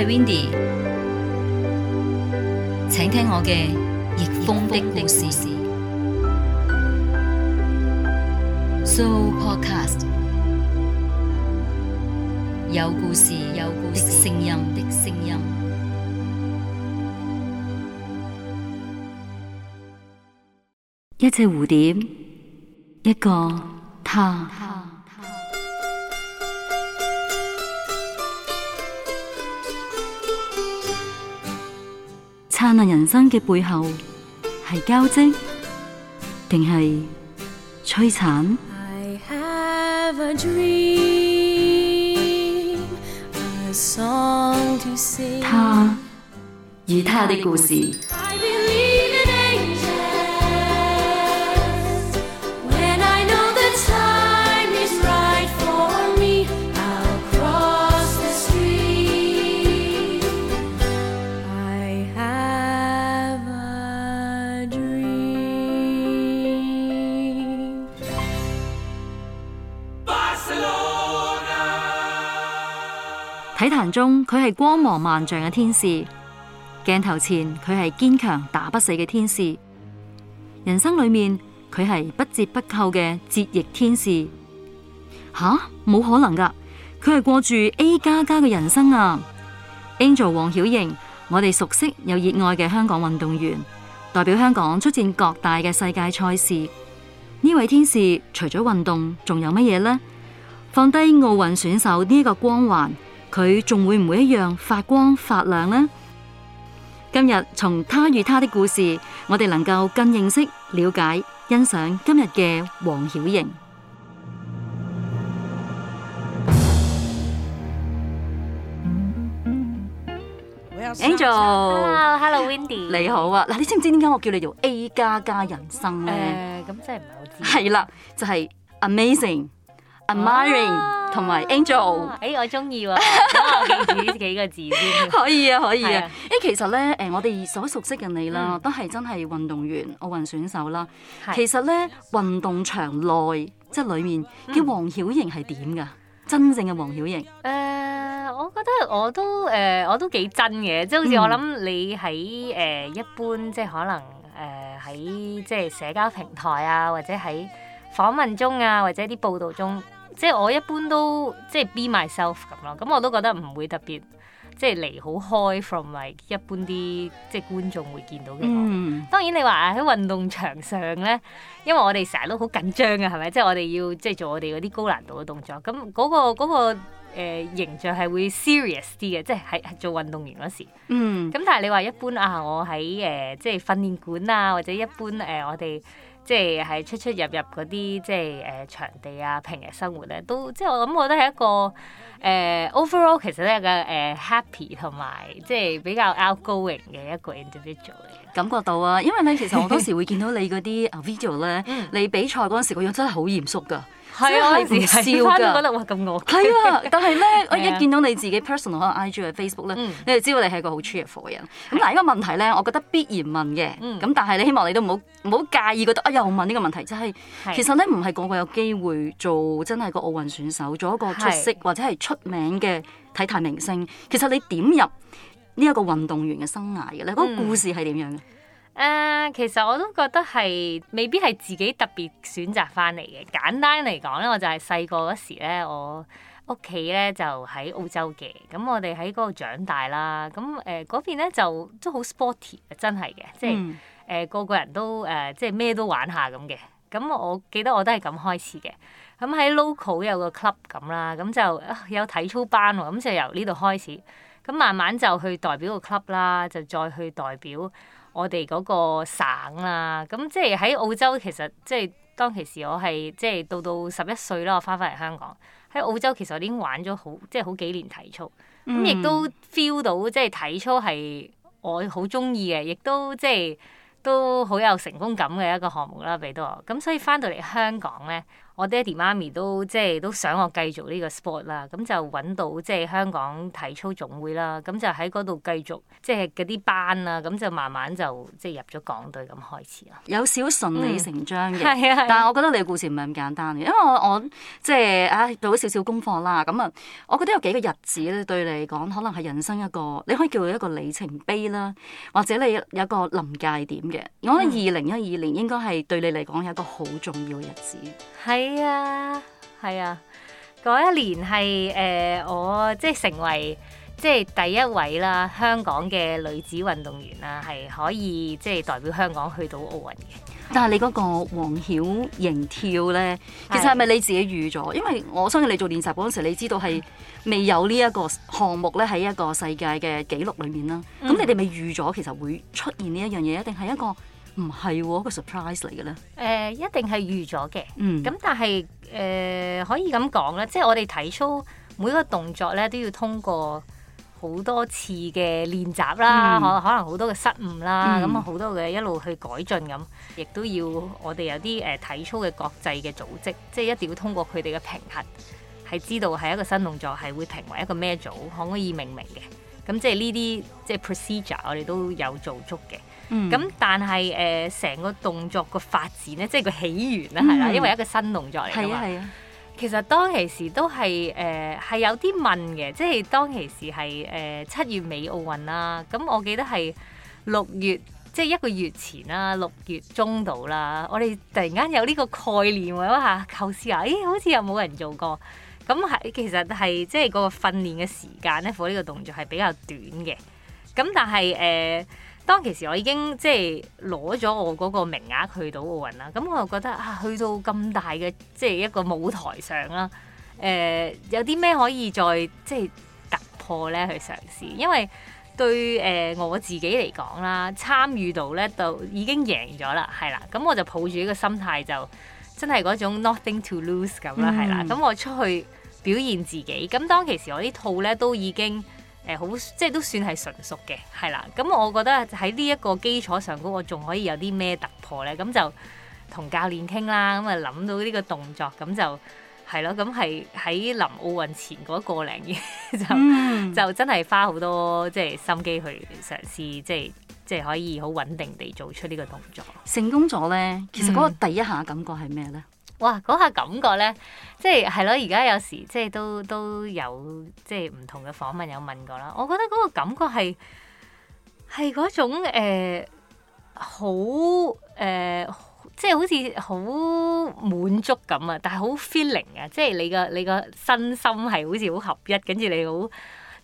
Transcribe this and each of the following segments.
係 Windy，請聽我嘅逆風的故事。So podcast 有故事，有故事，有聲音的聲音。一隻蝴蝶，一個他。燦爛人生嘅背後，係交織定係摧殘？I have a dream, a song to sing, 他與他的故事。舞台中佢係光芒萬丈嘅天使，鏡頭前佢係堅強打不死嘅天使。人生裏面佢係不折不扣嘅折翼天使。吓，冇可能噶，佢係過住 A 加加嘅人生啊！Angel 黃曉瑩，我哋熟悉又熱愛嘅香港運動員，代表香港出戰各大嘅世界賽事。呢位天使除咗運動仲有乜嘢呢？放低奧運選手呢個光環。佢仲會唔會一樣發光發亮呢？今日從他與他的故事，我哋能夠更認識、了解、欣賞今日嘅黃曉瑩。Angel，hello hello Wendy，你好啊！嗱，你知唔知點解我叫你做 A 加加人生呢？誒，咁真係唔係好知。係啦，就係 amazing。Amarin 同埋 Angel，哎、啊欸，我中意喎， 我記住呢幾個字先。 可以啊，可以啊。哎的，其實咧，誒，我哋所熟悉嘅你啦，嗯、都係真係運動員、奧運選手啦。的其實咧，運動場內即係裏面嘅黃曉瑩係點噶？嗯、真正嘅黃曉瑩，誒、呃，我覺得我都誒、呃，我都幾真嘅，即、就、係、是、好似我諗你喺誒、呃、一般，即係可能誒喺、呃、即係社交平台啊，或者喺訪問中啊，或者啲報道中。即係我一般都即係 be myself 咁咯，咁我都覺得唔會特別即係離好開 from l、like, 一般啲即係觀眾會見到嘅我。Mm. 當然你話喺運動場上咧，因為我哋成日都好緊張嘅，係咪？即係我哋要即係做我哋嗰啲高難度嘅動作，咁嗰、嗰個嗰、嗰個呃、形象係會 serious 啲嘅，即係喺做運動員嗰時。咁、mm. 但係你話一般啊，我喺誒、呃、即係訓練館啊，或者一般誒、呃、我哋。即係喺出出入入嗰啲即係誒、呃、場地啊，平日生活咧都即係我諗，我覺得係一個誒、呃、overall 其實咧嘅誒 happy 同埋即係比較 outgoing 嘅一個 individual 嚟嘅。感覺到啊，因為咧其實我當時會見到你嗰啲 video 咧， 你比賽嗰陣時個樣真係好嚴肅㗎。係啊，係自笑得翻 到嗰度話咁惡。係 啊，但係咧， 啊、我一見到你自己 personal 可能 IG 或 Facebook 咧、嗯，你就知道你係一個好 cheerful 嘅人。咁嗱的，呢個問題咧，我覺得必然問嘅。咁、嗯、但係你希望你都唔好介意，覺得哎呀，我問呢個問題，就係、是、的其實咧唔係個個有機會做真係個奧運選手，做一個出色的或者係出名嘅體壇明星。其實你點入呢一個運動員嘅生涯嘅咧，嗰、那個故事係點樣？嗯。誒，uh, 其實我都覺得係未必係自己特別選擇翻嚟嘅。簡單嚟講咧，我就係細個嗰時咧，我屋企咧就喺澳洲嘅，咁我哋喺嗰度長大啦。咁誒嗰邊咧就都好 sporty，真係嘅，即係誒、嗯呃、個個人都誒、呃、即係咩都玩下咁嘅。咁我記得我都係咁開始嘅。咁喺 local 有個 club 咁啦，咁就、呃、有體操班啊，咁就由呢度開始。咁慢慢就去代表個 club 啦，就再去代表。我哋嗰個省啦、啊，咁即係喺澳洲其實即係當其時我係即係到到十一歲啦，我翻返嚟香港。喺澳洲其實我已經玩咗好即係好幾年體操，咁亦都 feel 到即係體操係我好中意嘅，亦都即係都好有成功感嘅一個項目啦，俾到我咁，所以翻到嚟香港咧。我爹哋媽咪都即係都想我繼續呢個 sport 啦，咁、嗯、就揾到即係香港體操總會啦，咁、嗯、就喺嗰度繼續即係嗰啲班啦，咁、嗯、就慢慢就即係入咗港隊咁開始啦。有少順理成章嘅，嗯、是是但係我覺得你嘅故事唔係咁簡單嘅，因為我我即係啊做咗少少功課啦，咁、嗯、啊，我覺得有幾個日子咧對你嚟講，可能係人生一個你可以叫做一個里程碑啦，或者你有一個臨界點嘅。我覺得二零一二年應該係對你嚟講有一個好重要嘅日子。係。係啊，係啊、哎，嗰、哎、一年係誒、呃，我即係成為即係第一位啦，香港嘅女子運動員啦，係可以即係代表香港去到奧運嘅。但係你嗰個黃曉瑩跳咧，其實係咪你自己預咗？是因為我相信你做練習嗰陣時，你知道係未有呢一個項目咧喺一個世界嘅紀錄裏面啦。咁你哋咪預咗，其實會出現呢一樣嘢，一定係一個。唔係、哦，個 surprise 嚟嘅咧。誒、呃、一定係預咗嘅。嗯。咁但係誒、呃、可以咁講啦，即係我哋體操每個動作咧都要通過好多次嘅練習啦，可、嗯、可能好多嘅失誤啦，咁好、嗯、多嘅一路去改進咁，亦都要我哋有啲誒體操嘅國際嘅組織，即係一定要通過佢哋嘅評核，係知道係一個新動作係會評為一個咩組可、可以命名嘅。咁即係呢啲即係 procedure，我哋都有做足嘅。咁、嗯、但係誒，成、呃、個動作個發展咧，即係個起源啦，係啦、嗯，因為一個新動作嚟嘅係啊係啊，其實當其時都係誒係有啲問嘅，即係當其時係誒、呃、七月尾奧運啦。咁我記得係六月，即係一個月前啦，六月中度啦。我哋突然間有呢個概念喎，吓構思啊，咦，好似有冇人做過。咁係其實係即係嗰個訓練嘅時間咧 for 呢、呢個動作係比較短嘅。咁但係誒。呃當其時，我已經即係攞咗我嗰個名額去到奧運啦。咁我又覺得啊，去到咁大嘅即係一個舞台上啦，誒、呃，有啲咩可以再即係突破咧去嘗試？因為對誒、呃、我自己嚟講啦，參與到咧就已經贏咗啦，係啦。咁我就抱住呢個心態就，就真係嗰種 nothing to lose 咁、嗯、啦，係啦。咁我出去表現自己。咁當其時我啲套咧都已經。誒好，即係都算係純熟嘅，係啦。咁我覺得喺呢一個基礎上邊，我仲可以有啲咩突破呢？咁就同教練傾啦。咁啊諗到呢個動作，咁就係咯。咁係喺臨奧運前嗰個零月， 就、嗯、就真係花好多即係心機去嘗試，即係即係可以好穩定地做出呢個動作。成功咗呢，其實嗰個第一下感覺係咩呢？嗯哇，嗰下感覺咧，即係係咯，而家有時即係都都有即係唔同嘅訪問有問過啦。我覺得嗰個感覺係係嗰種、欸、好誒、欸，即係好似好滿足咁啊！但係好 feeling 啊，即係你個你個身心係好似好合一，跟住你好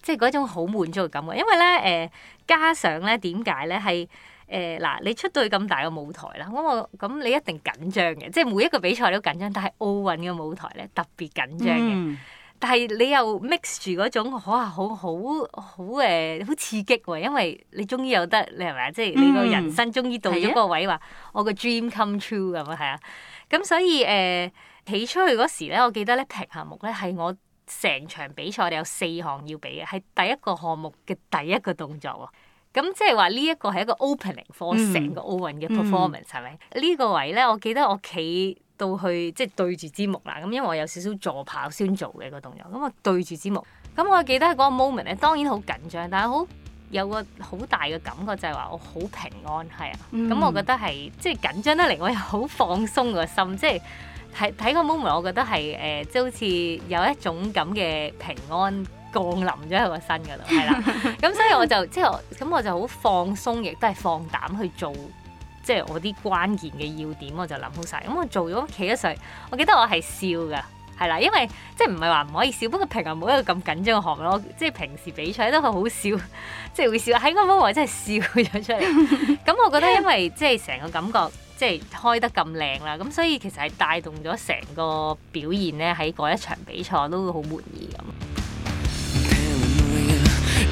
即係嗰種好滿足嘅感覺。因為咧誒、欸，加上咧點解咧係？誒嗱、呃，你出到去咁大嘅舞台啦，咁我咁你一定緊張嘅，即係每一個比賽都緊張，但係奧運嘅舞台咧特別緊張嘅。嗯、但係你又 mix 住嗰種哇好好好誒、呃、好刺激喎，因為你終於有得你係咪啊？即係你個人生終於到咗嗰個位話，嗯、我個 dream come true 咁啊，係啊。咁所以誒、呃、起出去嗰時咧，我記得咧平衡木咧係我成場比賽我有四項要比嘅，係第一個項目嘅第一個動作喎。咁即係話呢一個係一個 opening for 成、嗯、個奧運嘅 performance 係咪、嗯？呢、這個位咧，我記得我企到去即係、就是、對住支木啦，咁因為我有少少助跑先做嘅個動作，咁我對住支木。咁我記得嗰個 moment 咧，當然好緊張，但係好有個好大嘅感覺就係話我好平安係啊。咁、嗯、我覺得係即係緊張得嚟，我又好放鬆個心，即係睇睇個 moment，我覺得係誒即係好似有一種咁嘅平安降臨咗喺個身嗰度，係啦。咁所以我就即係，咁我就好放鬆，亦都係放膽去做，即係我啲關鍵嘅要點，我就諗好晒。咁我做咗，企咗上，我記得我係笑㗎，係啦，因為即係唔係話唔可以笑，不過平日冇一個咁緊張嘅項目咯。即係平時比賽都係好笑，即係會笑。喺嗰個 m 真係笑咗出嚟。咁 我覺得因為即係成個感覺即係開得咁靚啦，咁所以其實係帶動咗成個表現咧喺嗰一場比賽都好滿意咁。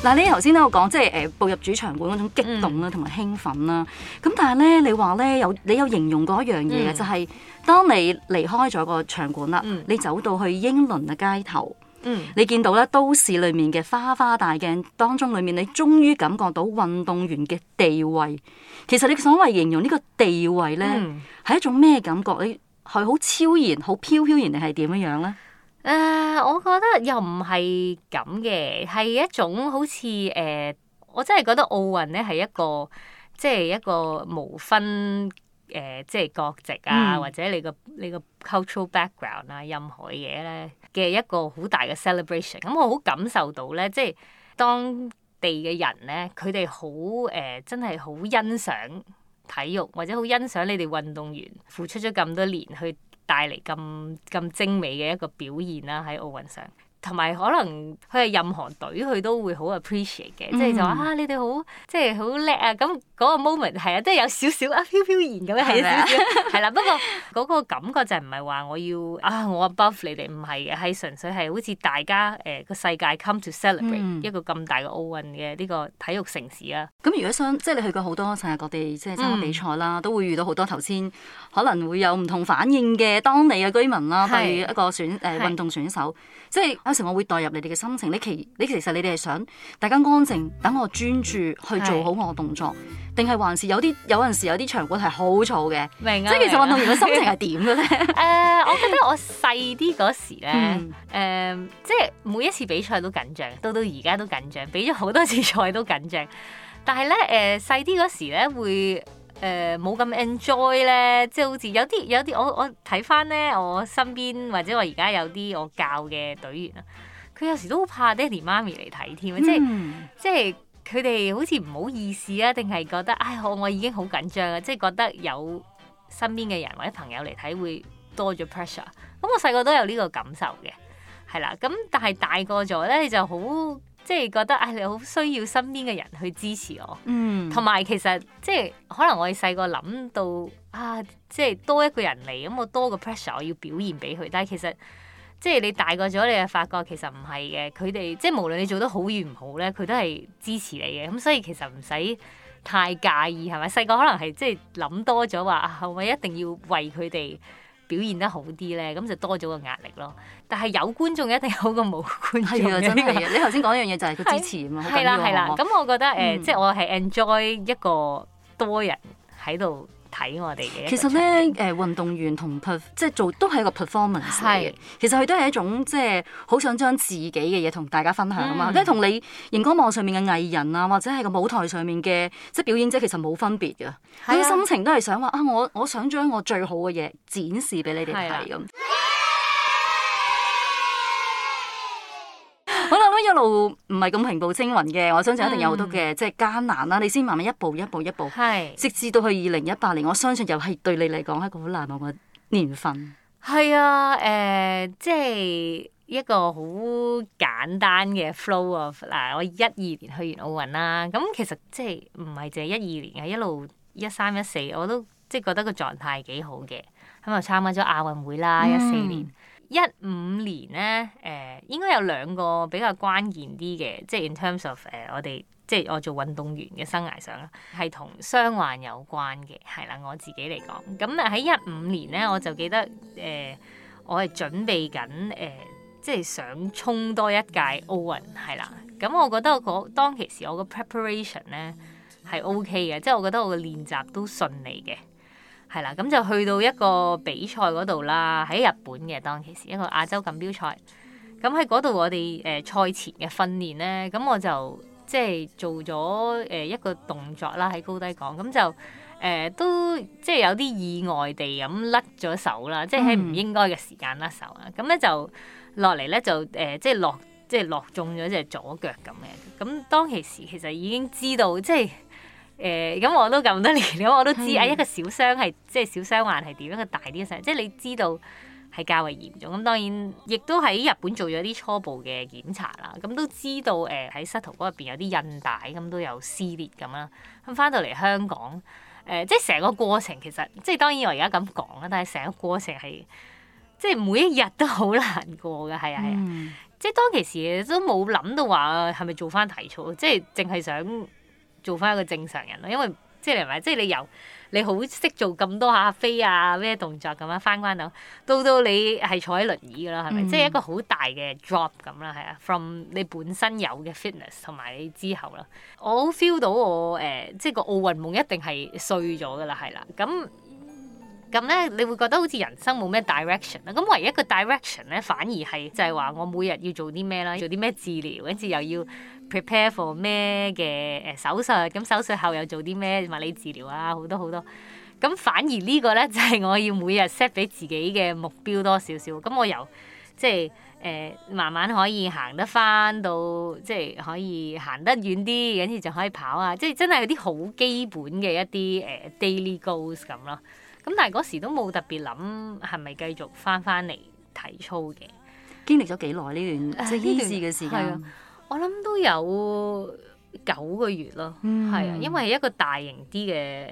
嗱，你頭先都有講，即係誒步入主場館嗰種激動啦，同埋興奮啦。咁、嗯、但係咧，你話咧有你有形容過一樣嘢嘅，嗯、就係當你離開咗個場館啦，嗯、你走到去英倫嘅街頭，嗯、你見到咧都市裏面嘅花花大鏡當中裏面，你終於感覺到運動員嘅地位。其實你所謂形容呢個地位咧，係、嗯、一種咩感覺？你係好超然，好飄飄然定係點樣樣咧？誒，uh, 我覺得又唔係咁嘅，係一種好似誒、呃、我真係覺得奧運咧係一個即係一個無分誒、呃、即係國籍啊，嗯、或者你個你個 cultural background 啊，任何嘢咧嘅一個好大嘅 celebration。咁、嗯、我好感受到咧，即係當地嘅人咧，佢哋好誒真係好欣賞體育，或者好欣賞你哋運動員付出咗咁多年去。帶嚟咁咁精美嘅一個表現啦，啊，喺奧運上。同埋可能佢係任何隊，佢都會好 appreciate 嘅，即係、mm. 就話啊，你哋好，即係好叻啊！咁嗰個 moment 係啊，即係有少少啊飄飄然咁樣，係咪？係啦，不過嗰個感覺就唔係話我要啊，我 above 你哋唔係嘅，係純粹係好似大家誒個、呃、世界 come to celebrate、mm. 一個咁大嘅奧運嘅呢個體育城市啊。咁如果想，即、就、係、是、你去過好多世界各地，即係參加比賽啦，都會遇到好多頭先可能會有唔同反應嘅當地嘅居民啦、啊，譬如一個選誒、呃、運動選手，即係。就是有時我會代入你哋嘅心情，你其你其實你哋係想大家安靜，等我專注去做好我嘅動作，定係是還是有啲有陣時有啲場館係好嘈嘅？明啊！即係其實運動員嘅心情係點嘅咧？誒，我覺得我細啲嗰時咧，誒，即係每一次比賽都緊張，到到而家都緊張，比咗好多次賽都緊張，但係咧，誒、呃，細啲嗰時咧會。誒冇咁 enjoy 咧，即係好似有啲有啲，我我睇翻咧，我身邊或者我而家有啲我教嘅隊員啊，佢有時都好怕爹哋媽咪嚟睇添啊，即係、嗯、即係佢哋好似唔好意思啊，定係覺得唉，我我已經好緊張啊，即係覺得有身邊嘅人或者朋友嚟睇會多咗 pressure。咁我細個都有呢個感受嘅，係啦，咁但係大個咗咧就好。即係覺得，唉、哎，你好需要身邊嘅人去支持我，同埋、嗯、其實即係可能我哋細個諗到啊，即係多一個人嚟，咁我多個 pressure，我要表現俾佢。但係其實即係你大個咗，你就發覺其實唔係嘅。佢哋即係無論你做得好與唔好咧，佢都係支持你嘅。咁所以其實唔使太介意，係咪細個可能係即係諗多咗話，係咪、啊、一定要為佢哋。表現得好啲咧，咁就多咗個壓力咯。但係有觀眾一定好過冇觀眾，真係。 你頭先講一樣嘢，就係佢支持啊嘛，係啦係啦，咁我覺得誒，呃嗯、即係我係 enjoy 一個多人喺度。睇我哋嘅，其實咧，誒、呃、運動員同即係做都係一個 performance 嚟嘅。是其實佢都係一種即係好想將自己嘅嘢同大家分享啊嘛，嗯、即係同你熒光幕上面嘅藝人啊，或者係個舞台上面嘅即係表演者，其實冇分別嘅。佢、啊、心情都係想話啊，我我想將我最好嘅嘢展示俾你哋睇咁。一路唔係咁平步青雲嘅，我相信一定有好多嘅，嗯、即係艱難啦，你先慢慢一步一步一步，是直至到去二零一八年，我相信又係對你嚟講係一個好難忘嘅年份。係啊，誒、呃，即係一個好簡單嘅 flow of，嗱，我一二年去完奧運啦，咁其實即係唔係淨係一二年嘅，一路一三一四，我都即係覺得個狀態係幾好嘅，咁又參加咗亞運會啦，一四、嗯、年。一五年咧，誒、呃、應該有兩個比較關鍵啲嘅，即係 in terms of 誒、呃、我哋即係我做運動員嘅生涯上啦，係同傷患有關嘅，係啦，我自己嚟講。咁喺一五年咧，我就記得誒、呃、我係準備緊誒、呃，即係想衝多一屆奧運係啦。咁我覺得我當其時我個 preparation 咧係 OK 嘅，即係我覺得我嘅練習都順利嘅。係啦，咁就去到一個比賽嗰度啦，喺日本嘅當其時一個亞洲錦標賽。咁喺嗰度我哋誒、呃、賽前嘅訓練咧，咁我就即係做咗誒一個動作啦，喺高低槓。咁就誒、呃、都即係有啲意外地咁甩咗手啦，即係喺唔應該嘅時間甩手啦。咁咧、嗯、就，就、呃、落嚟咧就誒即係落即係落中咗隻左腳咁嘅。咁當其時其實已經知道即係。誒咁、呃、我都咁多年，咁我都知啊、哎、一個小傷係即係小傷患係點樣，一個大啲嘅傷，即係你知道係較為嚴重。咁當然亦都喺日本做咗啲初步嘅檢查啦，咁都知道誒喺、呃、膝頭哥入邊有啲韌帶咁都有撕裂咁啦。咁翻到嚟香港誒、呃，即係成個過程其實即係當然我而家咁講啦，但係成個過程係即係每一日都好難過嘅，係啊係、嗯、啊，即係當其時都冇諗到話係咪做翻體操，即係淨係想。做翻一個正常人咯，因為即係嚟埋，即係你由你好識做咁多下飛啊咩動作咁啊，翻關頭到到你係坐喺輪椅㗎啦，係咪？嗯、即係一個好大嘅 drop 咁啦，係啊，from 你本身有嘅 fitness 同埋你之後啦，我好 feel 到我誒、呃、即係個奧運夢一定係碎咗㗎啦，係啦、啊，咁。咁咧，你會覺得好似人生冇咩 direction 啦。咁唯一一個 direction 咧，反而係就係話我每日要做啲咩啦，做啲咩治療，跟住又要 prepare for 咩嘅誒手術。咁手術後又做啲咩物理治療啊，好多好多。咁反而呢個咧就係我要每日 set 俾自己嘅目標多少少。咁我由即係誒慢慢可以行得翻到，即係可以行得遠啲，跟住就可以跑啊。即係真係有啲好基本嘅一啲誒 daily goals 咁咯。.咁但係嗰時都冇特別諗係咪繼續翻翻嚟體操嘅？經歷咗幾耐呢段即係呢段事嘅時間？的我諗都有九個月咯，係啊、嗯，因為一個大型啲嘅誒，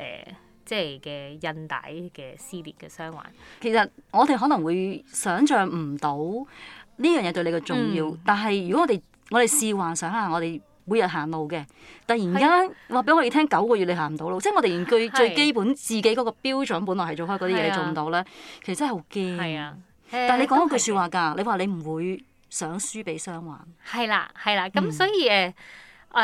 即係嘅韌帶嘅撕裂嘅傷患。其實我哋可能會想象唔到呢樣嘢對你嘅重要，嗯、但係如果我哋我哋試幻想下、嗯、我哋。每日行路嘅，突然間話俾我哋聽、啊、九個月你行唔到路，啊、即係我哋根據最基本、啊、自己嗰個標準，本來係做返嗰啲嘢，你做唔到咧，啊、其實真係好驚。係啊，但係你講嗰句説話㗎，你話你唔會想輸俾雙環。係啦、啊，係啦、啊，咁所以誒誒、嗯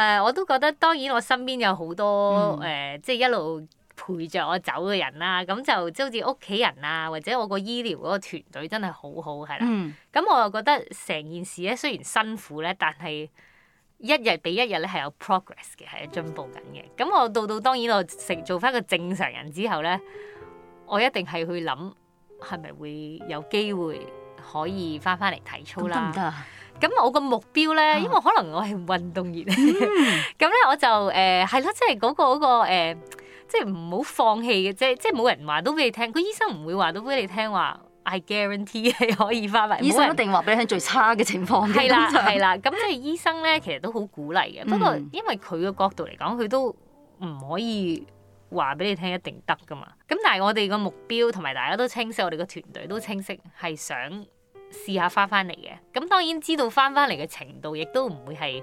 呃，我都覺得當然我身邊有好多誒，即係、嗯呃就是、一路陪着我走嘅人啦、啊。咁就即係好似屋企人啊，或者我個醫療嗰個團隊真係好好係啦。咁、啊嗯嗯、我又覺得成件事咧，雖然辛苦咧，但係，一日比一日咧係有 progress 嘅，係有進步緊嘅。咁我到到當然我成做翻個正常人之後咧，我一定係去諗係咪會有機會可以翻翻嚟體操啦。咁我個目標咧，因為可能我係運動員，咁咧、啊、 我就誒係咯，即係嗰個嗰個誒，即係唔好放棄嘅，即係即係冇人話都俾你聽，個醫生唔會話都俾你聽話。係 guarantee 係可以翻嚟，醫生一定話俾你聽最差嘅情況。係啦的，係啦樣。咁即係醫生咧，其實都好鼓勵嘅。 不過因為佢個角度嚟講，佢都唔可以話俾你聽一定得㗎嘛。咁但係我哋個目標同埋大家都清晰，我哋個團隊都清晰係想試下翻翻嚟嘅。咁當然知道翻翻嚟嘅程度，亦都唔會係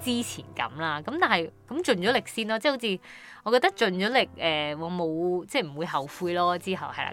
之前咁啦。咁但係咁盡咗力先咯。即係好似我覺得盡咗力，誒、呃、我冇即係唔會後悔咯。之後係啦。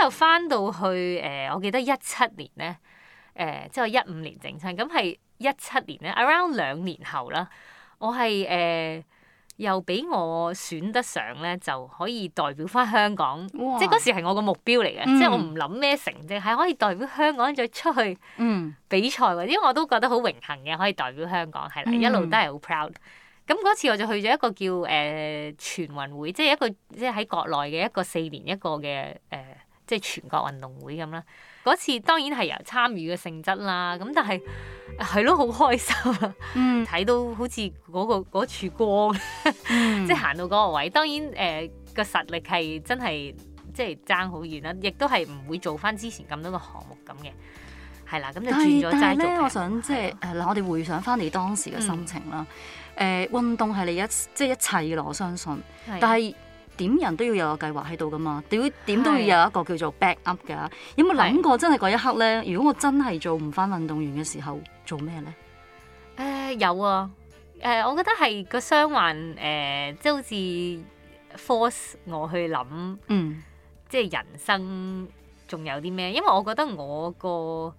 就翻到去，誒、呃，我記得一七年呢，誒、呃，即係我一五年整親，咁係一七年呢 around 兩年後啦，我係誒、呃、又俾我選得上呢，就可以代表翻香港，哇即係嗰時係我個目標嚟嘅，嗯、即係我唔諗咩成績，係可以代表香港再出去比賽，因為我都覺得好榮幸嘅，可以代表香港係啦，嗯、一路都係好 proud。咁嗰次我就去咗一個叫誒、呃、全運會，即係一個即係喺國內嘅一個四年一個嘅誒。呃呃即係全國運動會咁啦，嗰次當然係有參與嘅性質啦，咁但係係咯，好開心啊！睇、嗯、到好似嗰、那個嗰處光， 即係行到嗰個位。當然誒，個、呃、實力係真係即係爭好遠啦，亦都係唔會做翻之前咁多個項目咁嘅。係啦、啊，咁就轉咗齋做嘅。但係咧，我想即係嗱，我哋回想翻你當時嘅心情啦。誒、嗯呃，運動係你一即係、就是、一切嘅咯，我相信。的但係。點人都要有個計劃喺度噶嘛？點點都要有一個叫做 back up 嘅。有冇諗過真係嗰一刻咧？如果我真係做唔翻運動員嘅時候，做咩咧？誒、呃、有啊！誒，我覺得係個傷患誒，即係好似 force 我去諗，嗯，即係人生仲有啲咩？因為我覺得我個誒、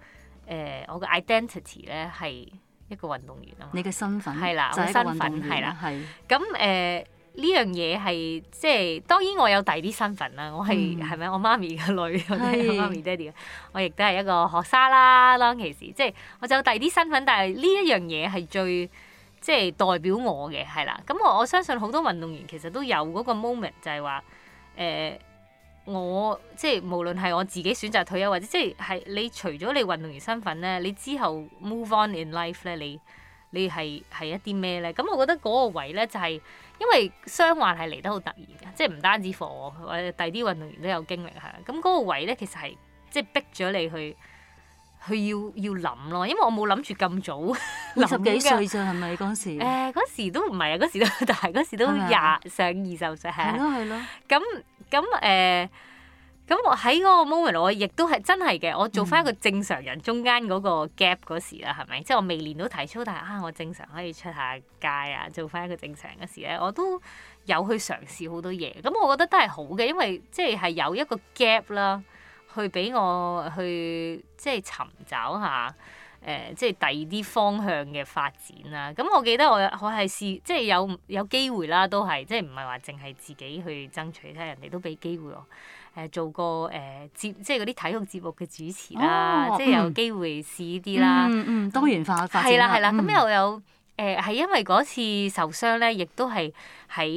呃、我個 identity 咧係一個運動員啊嘛。你嘅身份係啦，我就係身份係啦，係咁誒。是呢樣嘢係即係當然我，我有第二啲身份啦。我係係咪我媽咪嘅女？我係媽咪爹哋，我亦都係一個學生啦。啦，其實即係我就有第二啲身份，但係呢一樣嘢係最即係代表我嘅係啦。咁我我相信好多運動員其實都有嗰個 moment，就係話誒我即係無論係我自己選擇退休，或者即係係你除咗你運動員身份咧，你之後 move on in life 咧，你你係係一啲咩咧？咁我覺得嗰個位咧就係、係。因為傷患係嚟得好突然嘅，即係唔單止我，或者第啲運動員都有經歷係。咁嗰個位咧，其實係即係逼咗你去去要要諗咯，因為我冇諗住咁早，二十幾歲啫係咪嗰時？誒嗰、欸、時都唔係啊，嗰時都大，嗰時都廿上二十歲係。係咯係咯。咁咁誒。咁我喺嗰個 moment，我亦都係真係嘅，我做翻一個正常人中間嗰個 gap 嗰時啦，係咪？嗯、即係我未練到體操，但係啊，我正常可以出下街啊，做翻一個正常人嗰時咧，我都有去嘗試好多嘢。咁我覺得都係好嘅，因為即係係有一個 gap 啦，去俾我去即係尋找下。誒、呃，即係第二啲方向嘅發展啦。咁我記得我我係試，即係有有機會啦，都係即係唔係話淨係自己去爭取，睇人哋都俾機會我、呃。做個誒節，即係嗰啲體育節目嘅主持啦，哦嗯、即係有機會試啲、嗯嗯嗯、啦。多元化發展啦。係、嗯、啦，係啦、嗯。咁又有誒，係、呃、因為嗰次受傷咧，亦都係喺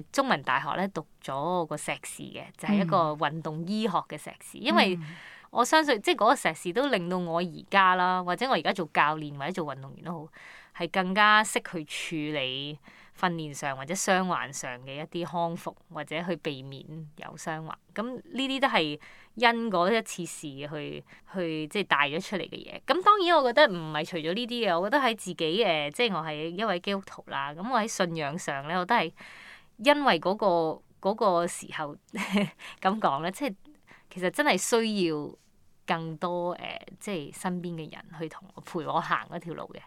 誒中文大學咧讀咗個碩士嘅，就係、是、一個運動醫學嘅碩士，因為。嗯我相信即係嗰個碩士都令到我而家啦，或者我而家做教練或者做運動員都好，係更加識去處理訓練上或者傷患上嘅一啲康復或者去避免有傷患。咁呢啲都係因嗰一次事去去，去即係帶咗出嚟嘅嘢。咁當然我覺得唔係除咗呢啲嘅，我覺得喺自己誒、呃，即係我係一位基督徒啦。咁我喺信仰上咧，我都係因為嗰、那個嗰、那個時候咁講咧，即係。其實真係需要更多誒、呃，即係身邊嘅人去同我、陪我行嗰條路嘅。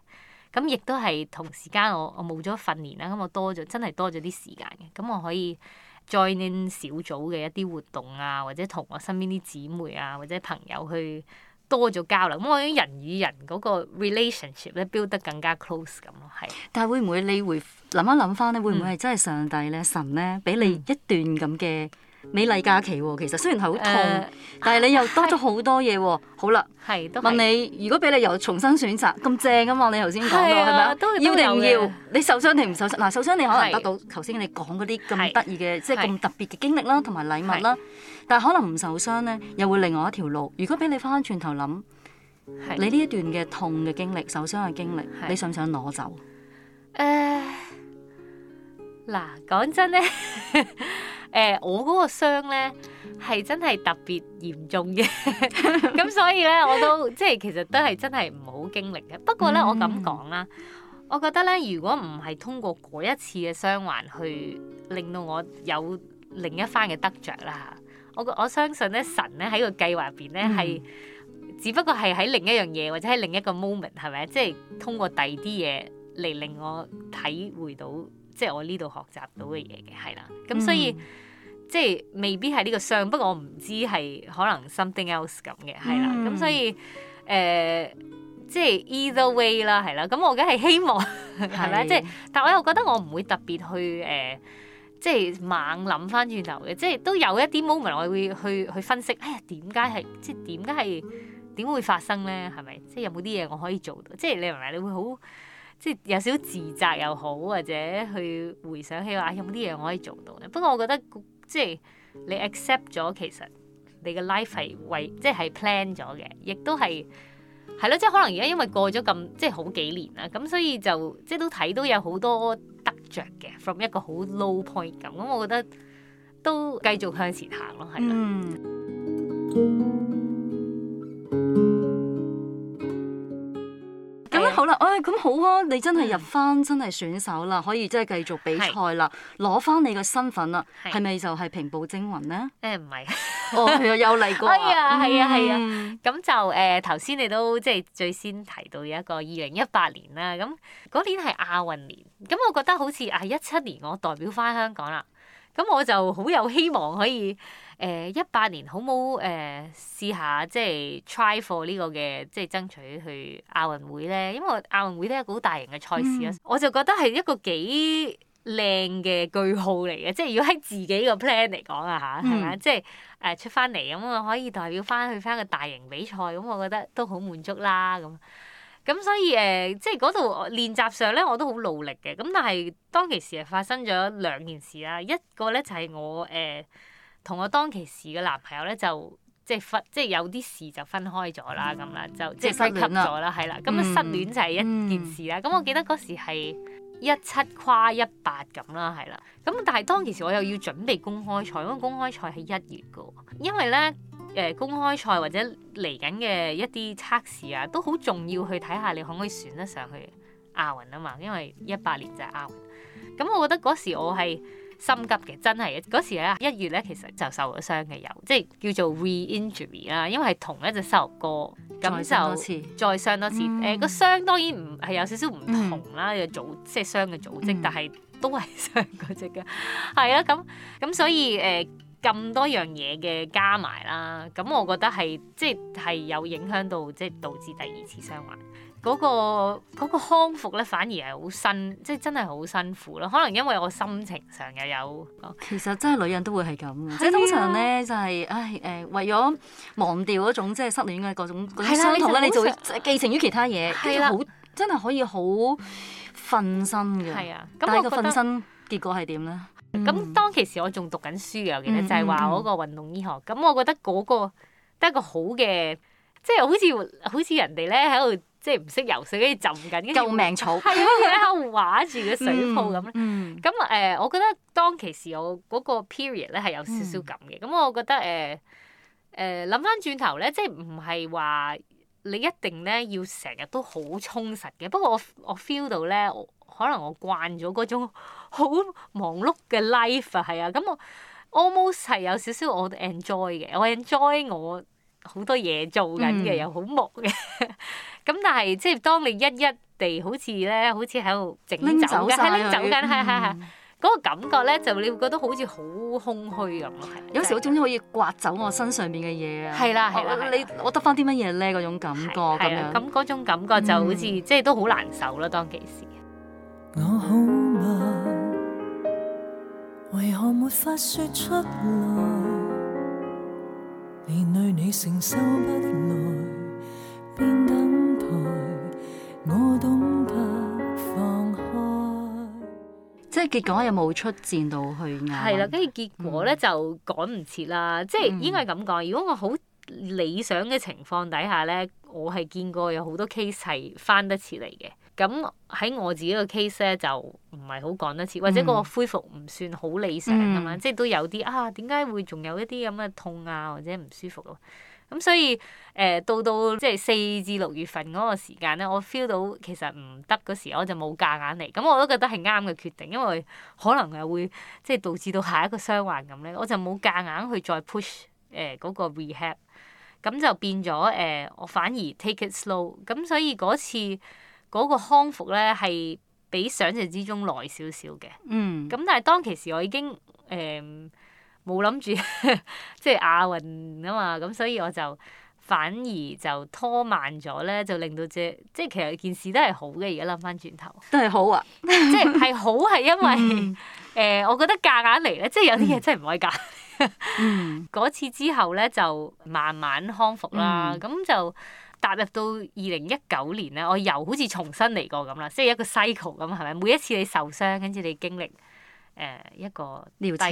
咁亦都係同時間我，我我冇咗訓練啦，咁我多咗真係多咗啲時間嘅。咁我可以 join in 小組嘅一啲活動啊，或者同我身邊啲姊妹啊或者朋友去多咗交流。咁我啲人與人嗰個 relationship 咧，build 得更加 close 咁咯，係。但係會唔會你會諗一諗翻咧？會唔會係真係上帝咧、神咧，俾你一段咁嘅？美麗假期喎，其實雖然係好痛，但係你又多咗好多嘢喎。好啦，係都問你，如果俾你由重新選擇，咁正啊嘛？你頭先講到係咪要定唔要？你受傷定唔受傷？嗱，受傷你可能得到頭先你講嗰啲咁得意嘅，即係咁特別嘅經歷啦，同埋禮物啦。但係可能唔受傷咧，又會另外一條路。如果俾你翻轉頭諗，你呢一段嘅痛嘅經歷、受傷嘅經歷，你想唔想攞走？誒，嗱，講真咧。誒、欸，我嗰個傷咧係真係特別嚴重嘅，咁 所以咧我都即係其實都係真係唔好經歷嘅。不過咧，我咁講啦，我覺得咧，如果唔係通過嗰一次嘅傷患去令到我有另一番嘅得着啦，我我相信咧神咧喺個計劃入邊咧係，只不過係喺另一樣嘢或者喺另一個 moment 係咪？即係、就是、通過第二啲嘢嚟令我體會到。即係我呢度學習到嘅嘢嘅，係啦，咁所以、嗯、即係未必係呢個相，不過我唔知係可能 something else 咁嘅，係啦，咁、嗯、所以誒、呃，即係 either way 啦，係啦，咁我梗係希望係咪？的即係，但我又覺得我唔會特別去誒、呃，即係猛諗翻轉頭嘅，即係都有一啲 moment 我會去去分析，哎呀，點解係即係點解係點會發生咧？係咪？即係有冇啲嘢我可以做到？即係你明唔明？你會好？即係有少少自責又好，或者去回想起話、哎，有冇啲嘢我可以做到呢。不過我覺得即係你 accept 咗，其實你嘅 life 係為即係 plan 咗嘅，亦都係係咯。即係可能而家因為過咗咁即係好幾年啦，咁所以就即係都睇到有好多得着嘅 from 一個好 low point 咁。咁我覺得都繼續向前行咯，係啦。嗯好啦，誒、哎，咁好啊，你真係入翻真係選手啦，可以即係繼續比賽啦，攞翻是你個身份啦，係咪是就係平步青雲咧？誒唔係， 哦有嚟過啊！係啊係啊係啊，咁、啊啊嗯、就誒頭先你都即係最先提到一個二零一八年啦，咁嗰年係亞運年，咁我覺得好似啊一七年我代表翻香港啦。咁我就好有希望可以誒一八年好冇誒試下即係 try for 呢個嘅即係爭取去亞運會咧，因為亞運會都係一個好大型嘅賽事啦。嗯、我就覺得係一個幾靚嘅句號嚟嘅，即係如果喺自己個 plan 嚟講啊嚇，係咪、嗯、即係誒、呃、出翻嚟咁我可以代表翻去翻個大型比賽，咁、嗯、我覺得都好滿足啦咁。嗯咁所以誒、呃，即係嗰度練習上咧，我都好努力嘅。咁但係當其時係發生咗兩件事啦，一個咧就係、是、我誒同、呃、我當其時嘅男朋友咧，就即係分，即係有啲事就分開咗啦，咁啦、嗯、就即係失戀咗啦，係啦、嗯。咁失戀就係一件事啦。咁、嗯、我記得嗰時係一七跨一八咁啦，係啦。咁但係當其時我又要準備公開賽，因為公開賽係一月個，因為咧。誒公開賽或者嚟緊嘅一啲測試啊，都好重要去睇下你可唔可以選得上去亞運啊嘛，因為一八年就係亞運。咁我覺得嗰時我係心急嘅，真係嗰時咧，一月咧，其實就受咗傷嘅有，即係叫做 reinjury 啦，ury，因為係同一隻膝頭哥，咁就再傷多次。誒個傷當然唔係有少少唔同啦，嘅、嗯、組即係傷嘅組織，嗯、但係都係傷嗰隻腳。係 啦， 咁咁所以誒。 咁多樣嘢嘅加埋啦，咁我覺得係即係有影響到，即係導致第二次傷患。嗰個嗰個康復咧，反而係好辛，即係真係好辛苦咯。可能因為我心情上又有其實真係女人都會係咁、啊就係，即係通常咧就係唉誒，為咗忘掉嗰種即係失戀嘅各種嗰種傷痛、啊、你就，你就會寄情於其他嘢，係好、啊、真係可以好瞓身嘅。係啊，咁你個瞓身結果係點咧？咁、嗯、當其時我仲讀緊書嘅，嗯、就我記得就係話嗰個運動醫學，咁、嗯、我覺得嗰個得一個好嘅，即係好似好似人哋咧喺度即係唔識游水跟住浸緊，救命草，係咯，喺度划住個水泡咁。咁誒、嗯嗯呃，我覺得當其時我嗰個 period 咧係有少少咁嘅。咁、嗯、我覺得誒誒諗翻轉頭咧，即係唔係話你一定咧要成日都好充實嘅。不過我我 feel 到咧，可能我慣咗嗰種。好忙碌嘅 life 啊，係啊，咁我 almost 係有少少我 enjoy 嘅，我 enjoy 我好多嘢做緊嘅，又好忙嘅。咁但係即係當你一一地好似咧，好似喺度整走嘅，喺拎走緊，係係係。嗰個感覺咧，就你會覺得好似好空虛咁咯，有時我總之可以刮走我身上邊嘅嘢啊。係啦，係啦，你我得翻啲乜嘢咧？嗰種感覺咁樣，咁嗰種感覺就好似即係都好難受啦，當其時。為何沒法說出來？連累你承受不來，便等待我懂得放開。即係結果有冇出戰到去眼？係啦，跟 住 結果咧就趕唔切啦。即係應該係咁講。如果我好理想嘅情況底下咧，我係見過有好多 case 係翻得切嚟嘅。咁喺我自己個 case 咧就。唔係好講得切，或者個恢復唔算好理想咁樣，嗯、即係都有啲啊，點解會仲有一啲咁嘅痛啊，或者唔舒服咯、啊？咁所以誒、呃，到到即係四至六月份嗰個時間咧，我 feel 到其實唔得嗰時，我就冇夾硬嚟，咁我都覺得係啱嘅決定，因為可能係會即係、就是、導致到下一個傷患咁咧，我就冇夾硬去再 push 誒、呃、嗰、那個 rehab，咁就變咗誒、呃，我反而 take it slow，咁所以嗰次嗰個康復咧係比想象之中耐少少嘅，咁、嗯、但係當其時我已經誒冇諗住，即係亞運啊嘛，咁所以我就反而就拖慢咗咧，就令到只即係其實件事都係好嘅。而家諗翻轉頭都係好啊， 即係係好係因為誒、嗯呃，我覺得夾硬嚟咧，即係有啲嘢真係唔可以夾。嗰、嗯、 次之後咧就慢慢康復啦，咁、嗯、就。踏入到二零一九年咧，我又好似重新嚟過咁啦，即係一個 cycle 咁，係咪？每一次你受傷，跟住你經歷誒一個低潮，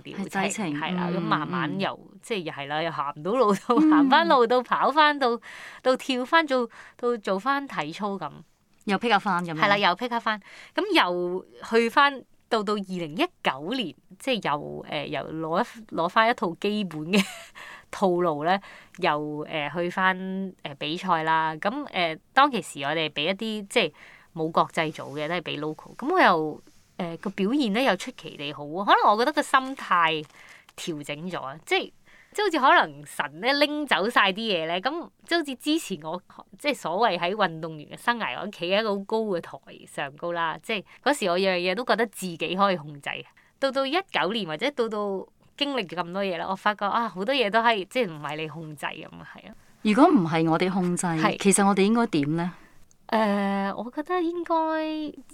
低潮係啦，咁、嗯、慢慢由即係又係啦，就是、又行唔到路，到行翻路，跑到跑翻到，到跳翻到，到做翻體操咁，又 pick up 翻咁，係啦，又 pick up 翻，咁又去翻到到二零一九年，即係又誒、呃、又攞攞翻一套基本嘅。 套路咧，又誒、呃、去翻誒、呃、比賽啦。咁誒、呃、當其時我，我哋俾一啲即係冇國際組嘅，都係俾 local。咁我又誒個、呃、表現咧又出奇地好。可能我覺得個心態調整咗即係即係好似可能神咧拎走晒啲嘢咧。咁即係好似之前我即係所謂喺運動員嘅生涯，我企喺一個好高嘅台上，上高啦。即係嗰時我樣樣嘢都覺得自己可以控制。到到一九年或者到到。經歷咁多嘢啦，我發覺啊，好多嘢都係即係唔係你控制咁啊，係啊。如果唔係我哋控制，是其實我哋應該點咧？誒、呃，我覺得應該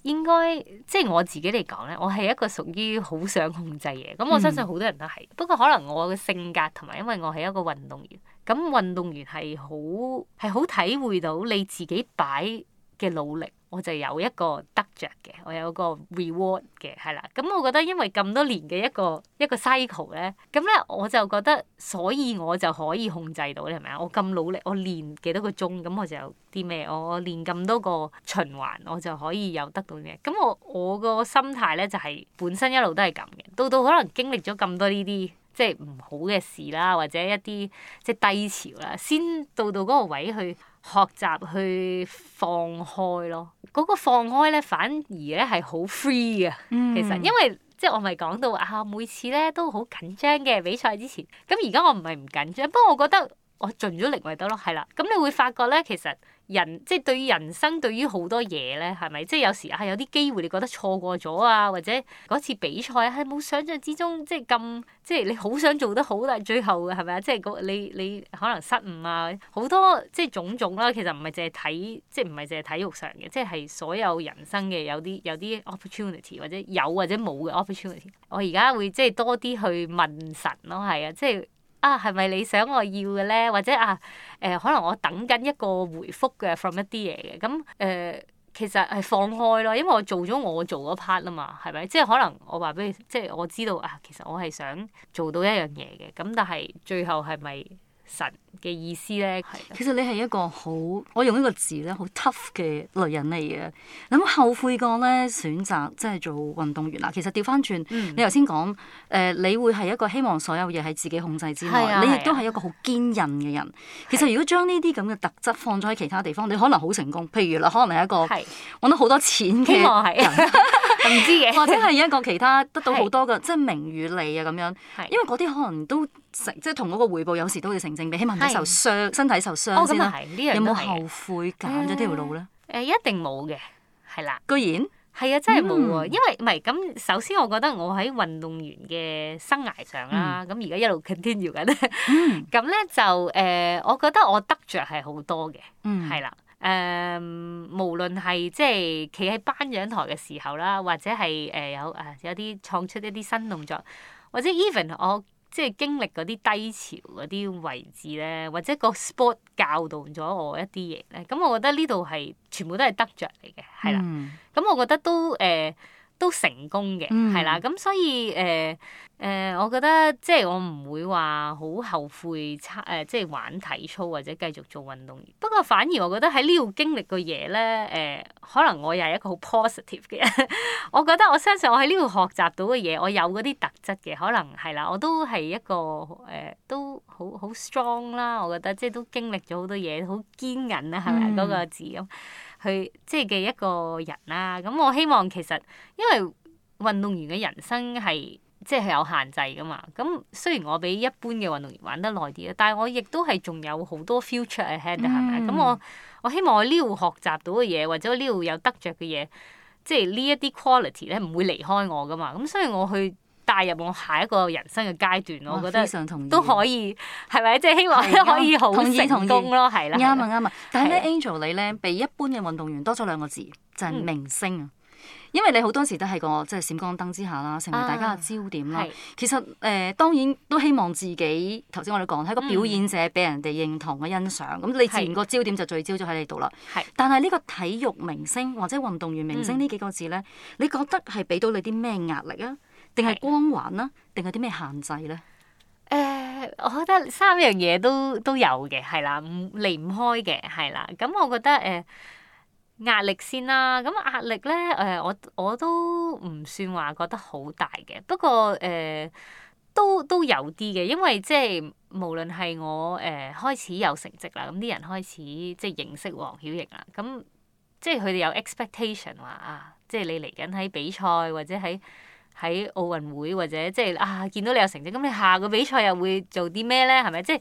應該即係我自己嚟講咧，我係一個屬於好想控制嘅。咁我相信好多人都係。嗯、不過可能我嘅性格同埋，因為我係一個運動員，咁運動員係好係好體會到你自己擺嘅努力，我就有一個得着嘅，我有個 reward 嘅，係啦。咁、嗯、我覺得因為咁多年嘅一個一個 cycle 咧，咁、嗯、咧我就覺得，所以我就可以控制到，你。係咪啊？我咁努力，我練幾多個鐘，咁我就有啲咩？我我練咁多個循環，我就可以有得到嘅。咁、嗯、我我個心態咧就係、是、本身一路都係咁嘅，到到可能經歷咗咁多呢啲即係唔好嘅事啦，或者一啲即係低潮啦，先到到嗰個位去。學習去放開咯，嗰個放開咧反而咧係好 free 啊。嗯、其實因為即係我咪講到啊，每次咧都好緊張嘅比賽之前，咁而家我唔係唔緊張，不過我覺得。我盡咗力咪得咯，係啦。咁你會發覺咧，其實人即係對於人生，對於好多嘢咧，係咪？即係有時係、啊、有啲機會，你覺得錯過咗啊，或者嗰次比賽係冇想像之中，即係咁，即係你好想做得好，但係最後係咪啊？即係你你可能失誤啊，好多即係種種啦。其實唔係淨係體，即係唔係淨係體育上嘅，即係所有人生嘅有啲有啲 opportunity 或者有或者冇嘅 opportunity。我而家會即係多啲去問神咯，係啊，即係。啊，係咪你想我要嘅咧？或者啊，誒、呃、可能我等緊一個回覆嘅 from 一啲嘢嘅，咁、嗯、誒、呃、其實係放開咯，因為我做咗我做嗰 part 啦嘛，係咪？即係可能我話俾你，即係我知道啊，其實我係想做到一樣嘢嘅，咁但係最後係咪？神嘅意思咧，其實你係一個好，我用呢個字咧，好 tough 嘅女人嚟嘅。諗後悔過咧，選擇即係做運動員啦。其實調翻轉，嗯、你頭先講，誒、呃，你會係一個希望所有嘢喺自己控制之內，是啊、你亦都係一個好堅韌嘅人。是啊、其實如果將呢啲咁嘅特質放咗喺其他地方，是啊、你可能好成功。譬如啦，可能係一個揾到好多錢嘅人。是啊是啊 或者係一個其他得到好多嘅，即係名與利啊咁樣。係，因為嗰啲可能都成，即係同嗰個回報有時都會成正比。起碼唔受傷，身體受傷先係。呢樣都係。有冇後悔揀咗呢條路咧？誒，一定冇嘅，係啦。居然係啊，真係冇喎。因為唔係咁，首先我覺得我喺運動員嘅生涯上啦，咁而家一路 continue 緊。咁咧就誒，我覺得我得着係好多嘅，嗯，係啦。誒，um, 無論係即係企喺頒獎台嘅時候啦，或者係誒、呃、有啊有啲創出一啲新動作，或者 even 我即係經歷嗰啲低潮嗰啲位置咧，或者個 sport 教導咗我一啲嘢咧，咁我覺得呢度係全部都係得着嚟嘅，係啦，咁、嗯、我覺得都誒。呃都成功嘅，係啦、嗯，咁所以誒誒、呃呃，我覺得即係我唔會話好後悔，差、呃、即係玩體操或者繼續做運動員。不過反而我覺得喺呢度經歷個嘢咧，誒、呃，可能我也係一個好 positive 嘅人 我覺得我相信我喺呢度學習到嘅嘢，我有嗰啲特質嘅，可能係啦，我都係一個誒、呃，都好好 strong 啦。我覺得即係都經歷咗好多嘢，好堅韌啊，係咪嗰個字咁？佢即係嘅一個人啦、啊，咁我希望其實，因為運動員嘅人生係即係有限制㗎嘛，咁雖然我比一般嘅運動員玩得耐啲啦，但係我亦都係仲有好多 future ahead 係咪、嗯？咁我我希望我呢度學習到嘅嘢，或者我呢度有得着嘅嘢，即係呢一啲 quality 咧，唔會離開我㗎嘛，咁所以我去。帶入我下一個人生嘅階段，我覺得非常同意都可以，係咪？即係希望可以好成功，同意同意咯，係啦。啱啊，啱啊！但係咧，Angel 你咧，比一般嘅運動員多咗兩個字，就係明星啊。因為你好多時都喺個即係閃光燈之下啦，成為大家嘅焦點啦。其實誒，當然都希望自己頭先我哋講喺個表演者，俾人哋認同嘅欣賞。咁你自然個焦點就聚焦咗喺你度啦。係。但係呢個體育明星或者運動員明星呢幾個字咧，你覺得係俾到你啲咩壓力啊？定係光環啦，定係啲咩限制咧？誒、呃，我覺得三樣嘢都都有嘅，係啦，離唔開嘅，係啦。咁、嗯、我覺得誒、呃、壓力先啦。咁、嗯、壓力咧，誒、呃、我我都唔算話覺得好大嘅。不過誒、呃、都都有啲嘅，因為即、就、係、是、無論係我誒、呃、開始有成績啦，咁啲人開始即係、就是、認識黃曉瑩啦，咁即係佢哋有 expectation 話啊，即、就、係、是、你嚟緊喺比賽或者喺。喺奧運會或者即、就、係、是、啊，見到你有成績，咁你下個比賽又會做啲咩咧？係咪即係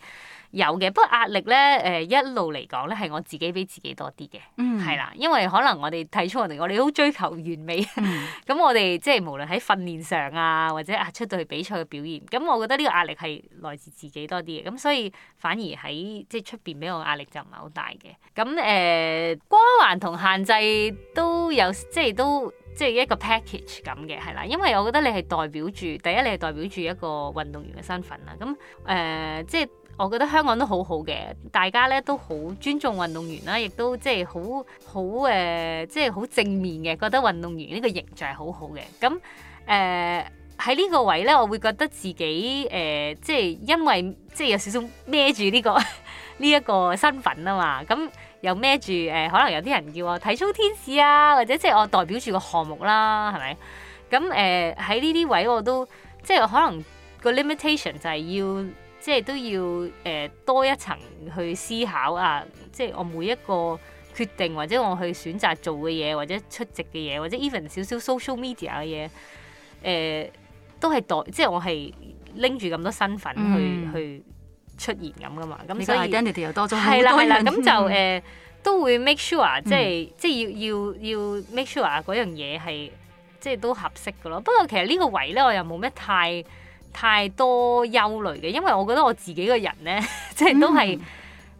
有嘅？不過壓力咧，誒、呃、一路嚟講咧，係我自己比自己多啲嘅，係啦、嗯。因為可能我哋體操運動我哋都追求完美，咁、嗯、 我哋即係無論喺訓練上啊，或者啊出到去比賽嘅表現，咁我覺得呢個壓力係來自自己多啲嘅。咁所以反而喺即係出邊俾我壓力就唔係好大嘅。咁誒、呃、光環同限制都有即係都。都即係一個 package 咁嘅，係啦，因為我覺得你係代表住第一，你係代表住一個運動員嘅身份啦。咁誒、呃，即係我覺得香港都好好嘅，大家咧都好尊重運動員啦，亦都即係好好誒，即係好、呃、正面嘅，覺得運動員呢個形象係好好嘅。咁誒喺呢個位咧，我會覺得自己誒、呃，即係因為即係有少少孭住呢個呢一、呢個身份啊嘛，咁。又孭住誒，可能有啲人叫我體操天使啊，或者即係我代表住個項目啦，係咪？咁誒喺呢啲位我都即係可能個 limitation 就係要即係都要誒、呃、多一層去思考啊！即係我每一個決定或者我去選擇做嘅嘢，或者出席嘅嘢，或者 even 少少 social media 嘅嘢，誒都係代即係我係拎住咁多身份去去。嗯出現咁噶嘛？咁所以，你又多，係啦係啦，咁、啊啊啊、就誒、uh, 都會 make sure，即係、嗯、即係要要要 make sure 嗰樣嘢係即係都合適噶咯。不過其實呢個位咧，我又冇咩太太多憂慮嘅，因為我覺得我自己個人咧，即係都係、嗯、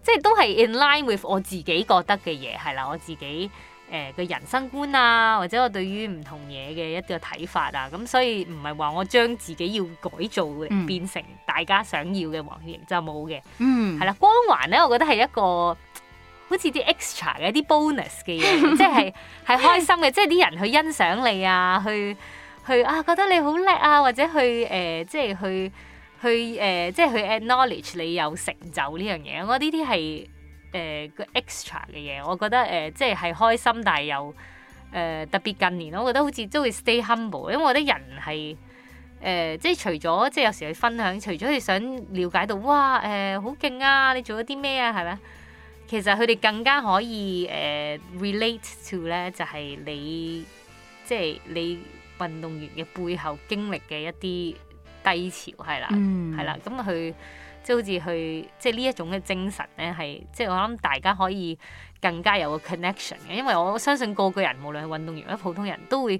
即係都係 in line with 我自己覺得嘅嘢，係啦、啊，我自己。誒嘅、呃、人生觀啊，或者我對於唔同嘢嘅一啲嘅睇法啊，咁所以唔係話我將自己要改造嚟、嗯、變成大家想要嘅王若瑩就冇嘅，嗯，係啦，光環咧，我覺得係一個好似啲 extra 嘅一啲 bonus 嘅嘢， 即係係開心嘅，即係啲人去欣賞你啊，去去啊覺得你好叻啊，或者去誒、呃，即係去去誒、呃，即係、呃、去 acknowledge 你有成就呢樣嘢，我覺得呢啲係。誒、呃、個 extra 嘅嘢，我覺得誒、呃、即係係開心，但係又誒、呃、特別近年咯，我覺得好似都會 stay humble，因為我覺得人係誒、呃、即係除咗即係有時去分享，除咗你想了解到哇誒好勁啊，你做咗啲咩啊，係咪？其實佢哋更加可以誒、呃、relate to 咧，就係你即係你運動員嘅背後經歷嘅一啲低潮係啦，係、嗯、啦，咁佢。都好似去即係呢一種嘅精神咧，係即係我諗大家可以更加有個 connection 嘅，因為我相信個個人無論係運動員或者普通人都會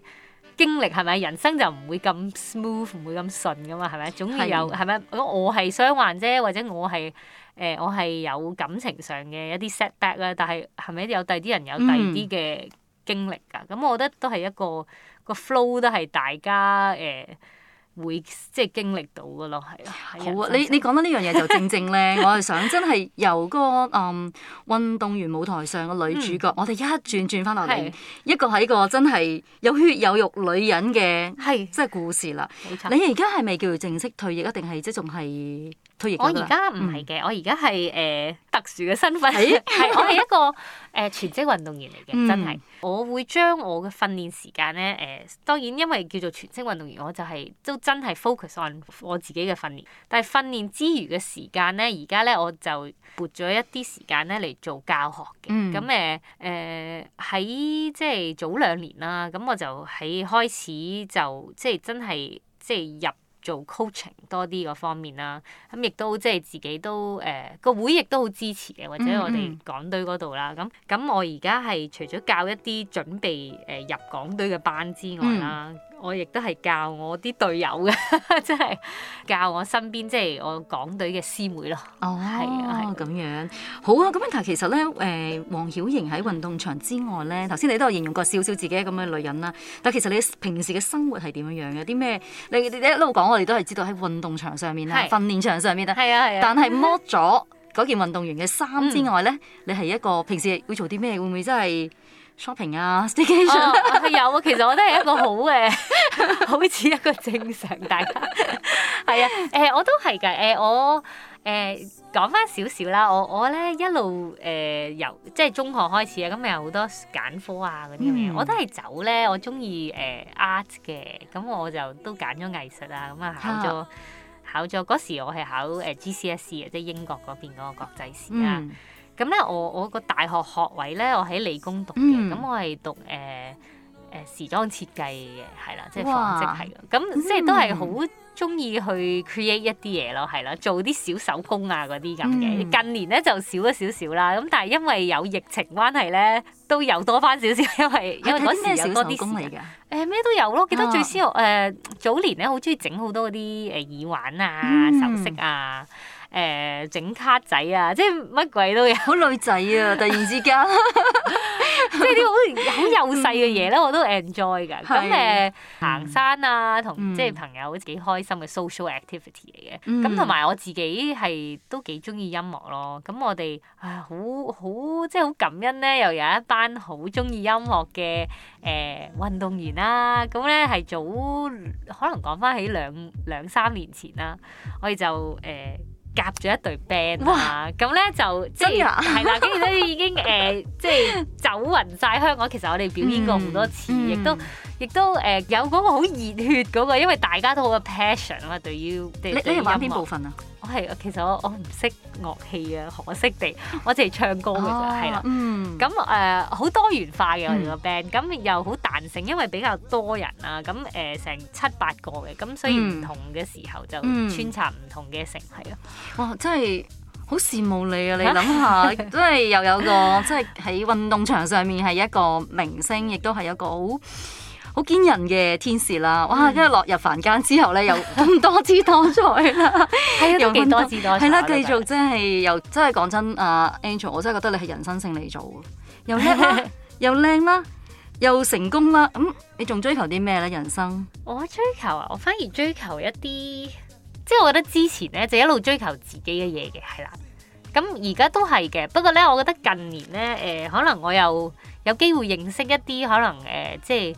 經歷係咪？人生就唔會咁 smooth，唔會咁順噶嘛，係咪？總要有係咪的？我係傷患啫，或者我係誒、呃、我係有感情上嘅一啲 setback 啦，但係係咪有第二啲人有第二啲嘅經歷㗎？咁、嗯、我覺得都係一個個 flow 都係大家誒。呃會即係經歷到噶咯，係啊。好啊，你你講到呢樣嘢就正正咧， 我係想真係由嗰、嗰個嗯運動員舞台上嘅女主角，嗯、我哋一轉轉翻落嚟，的一個係個真係有血有肉女人嘅，係的即係故事啦。錯你而家係咪叫做正式退役啊，定係即仲係？我而家唔係嘅，我而家係誒特殊嘅身份，係我係一個誒、呃、全職運動員嚟嘅，真係、嗯、我會將我嘅訓練時間咧誒、呃，當然因為叫做全職運動員，我就係、是、都真係 focus on 我自己嘅訓練，但係訓練之餘嘅時間咧，而家咧我就撥咗一啲時間咧嚟做教學嘅，咁誒誒喺即係早兩年啦，咁我就喺開始就即係真係即係入。做 coaching 多啲嗰方面啦，咁亦都即係自己都誒個、呃、會，亦都好支持嘅，或者我哋港隊嗰度啦。咁咁、嗯嗯、我而家係除咗教一啲準備誒、呃、入港隊嘅班之外啦。嗯我亦都係教我啲隊友嘅，即係教我身邊即係我港隊嘅師妹咯。哦，係啊，係咁樣好啊。咁樣但係其實咧，誒，黃曉瑩喺運動場之外咧，頭先你都有形容過少少自己咁嘅女人啦。但係其實你平時嘅生活係點樣樣嘅？有啲咩？你你一路講我哋都係知道喺運動場上面啦、訓練場上面啦。係啊，係啊。但係剝咗嗰件運動員嘅衫之外咧，你係一個平時會做啲咩？會唔會真係？shopping 啊，station 啊，哦、有啊。其實我都係一個 好嘅，好似一個正常大家係啊。誒、呃，我都係㗎。誒、呃，我誒、呃、講翻少少啦。我我咧一路誒、呃、由即係中學開始啊。咁有好多揀科啊嗰啲嘢。我都係走咧。我中意誒 art 嘅，咁我就都揀咗藝術就啊。咁啊考咗考咗嗰時，我係考誒 GCSE 啊，即係英國嗰邊嗰個國際試啊。嗯咁咧，我我個大學學位咧，我喺理工讀嘅。咁、嗯、我係讀誒誒、呃呃、時裝設計嘅，係啦，即係紡織系嘅。咁哇即係都係好中意去 create 一啲嘢咯，係啦，做啲小手工啊嗰啲咁嘅。嗯、近年咧就少咗少少啦，咁但係因為有疫情關係咧，都有多翻少少，因為我看 因為嗰時有多啲時嘅。誒咩都有咯，記得最先我、呃、早年咧好中意整好多嗰啲誒耳環啊、首、嗯、飾啊。誒整、呃、卡仔啊，即係乜鬼都有好女仔啊！突然之間， 即係啲好好幼細嘅嘢咧，我都 enjoy 噶。咁誒、嗯嗯、行山啊，同即係朋友幾開心嘅 social activity 嚟嘅。咁同埋我自己係都幾中意音樂咯。咁我哋啊，好好即係好感恩咧，又有，有一班好中意音樂嘅誒、呃、運動員啦、啊。咁咧係早可能講翻起兩兩,兩三年前啦，我哋就誒。呃呃夾咗一隊 band 啊哇，咁咧就即係係啦，跟住咧已經誒，即、呃、係 走勻晒香港。其實我哋表演過好多次，亦、嗯、都亦、嗯、都誒有嗰個好熱血嗰、那個，因為大家都好有 passion 嘛。對於你對於你玩邊部分啊？係，其實我我唔識樂器啊，可惜地，我淨係唱歌嘅啫，係啦、 啊。的嗯。咁誒，好、uh，多元化嘅我哋個 band，咁又好彈性，因為比較多人啦，咁誒成七八個嘅，咁、嗯、所以唔同嘅時候就穿插唔同嘅成係咯。嗯、的哇！真係好羨慕你啊！ 你諗下，真係又有個即係喺運動場上面係一個明星，亦都係一個好。好堅人嘅天使啦，哇！一落入凡間之後咧，又咁多姿多彩啦，又幾 多姿 多彩，係啦，繼續、即係、真係又真係講真，阿 Angel，我真係覺得你係人生勝利組，又叻啦， 又靚啦，又成功啦，咁、嗯、你仲追求啲咩咧？人生我追求啊，我反而追求一啲，即係我覺得之前咧就一路追求自己嘅嘢嘅，係啦，咁而家都係嘅。不過咧，我覺得近年咧，誒、呃，可能我又有機會認識一啲可能誒、呃，即係。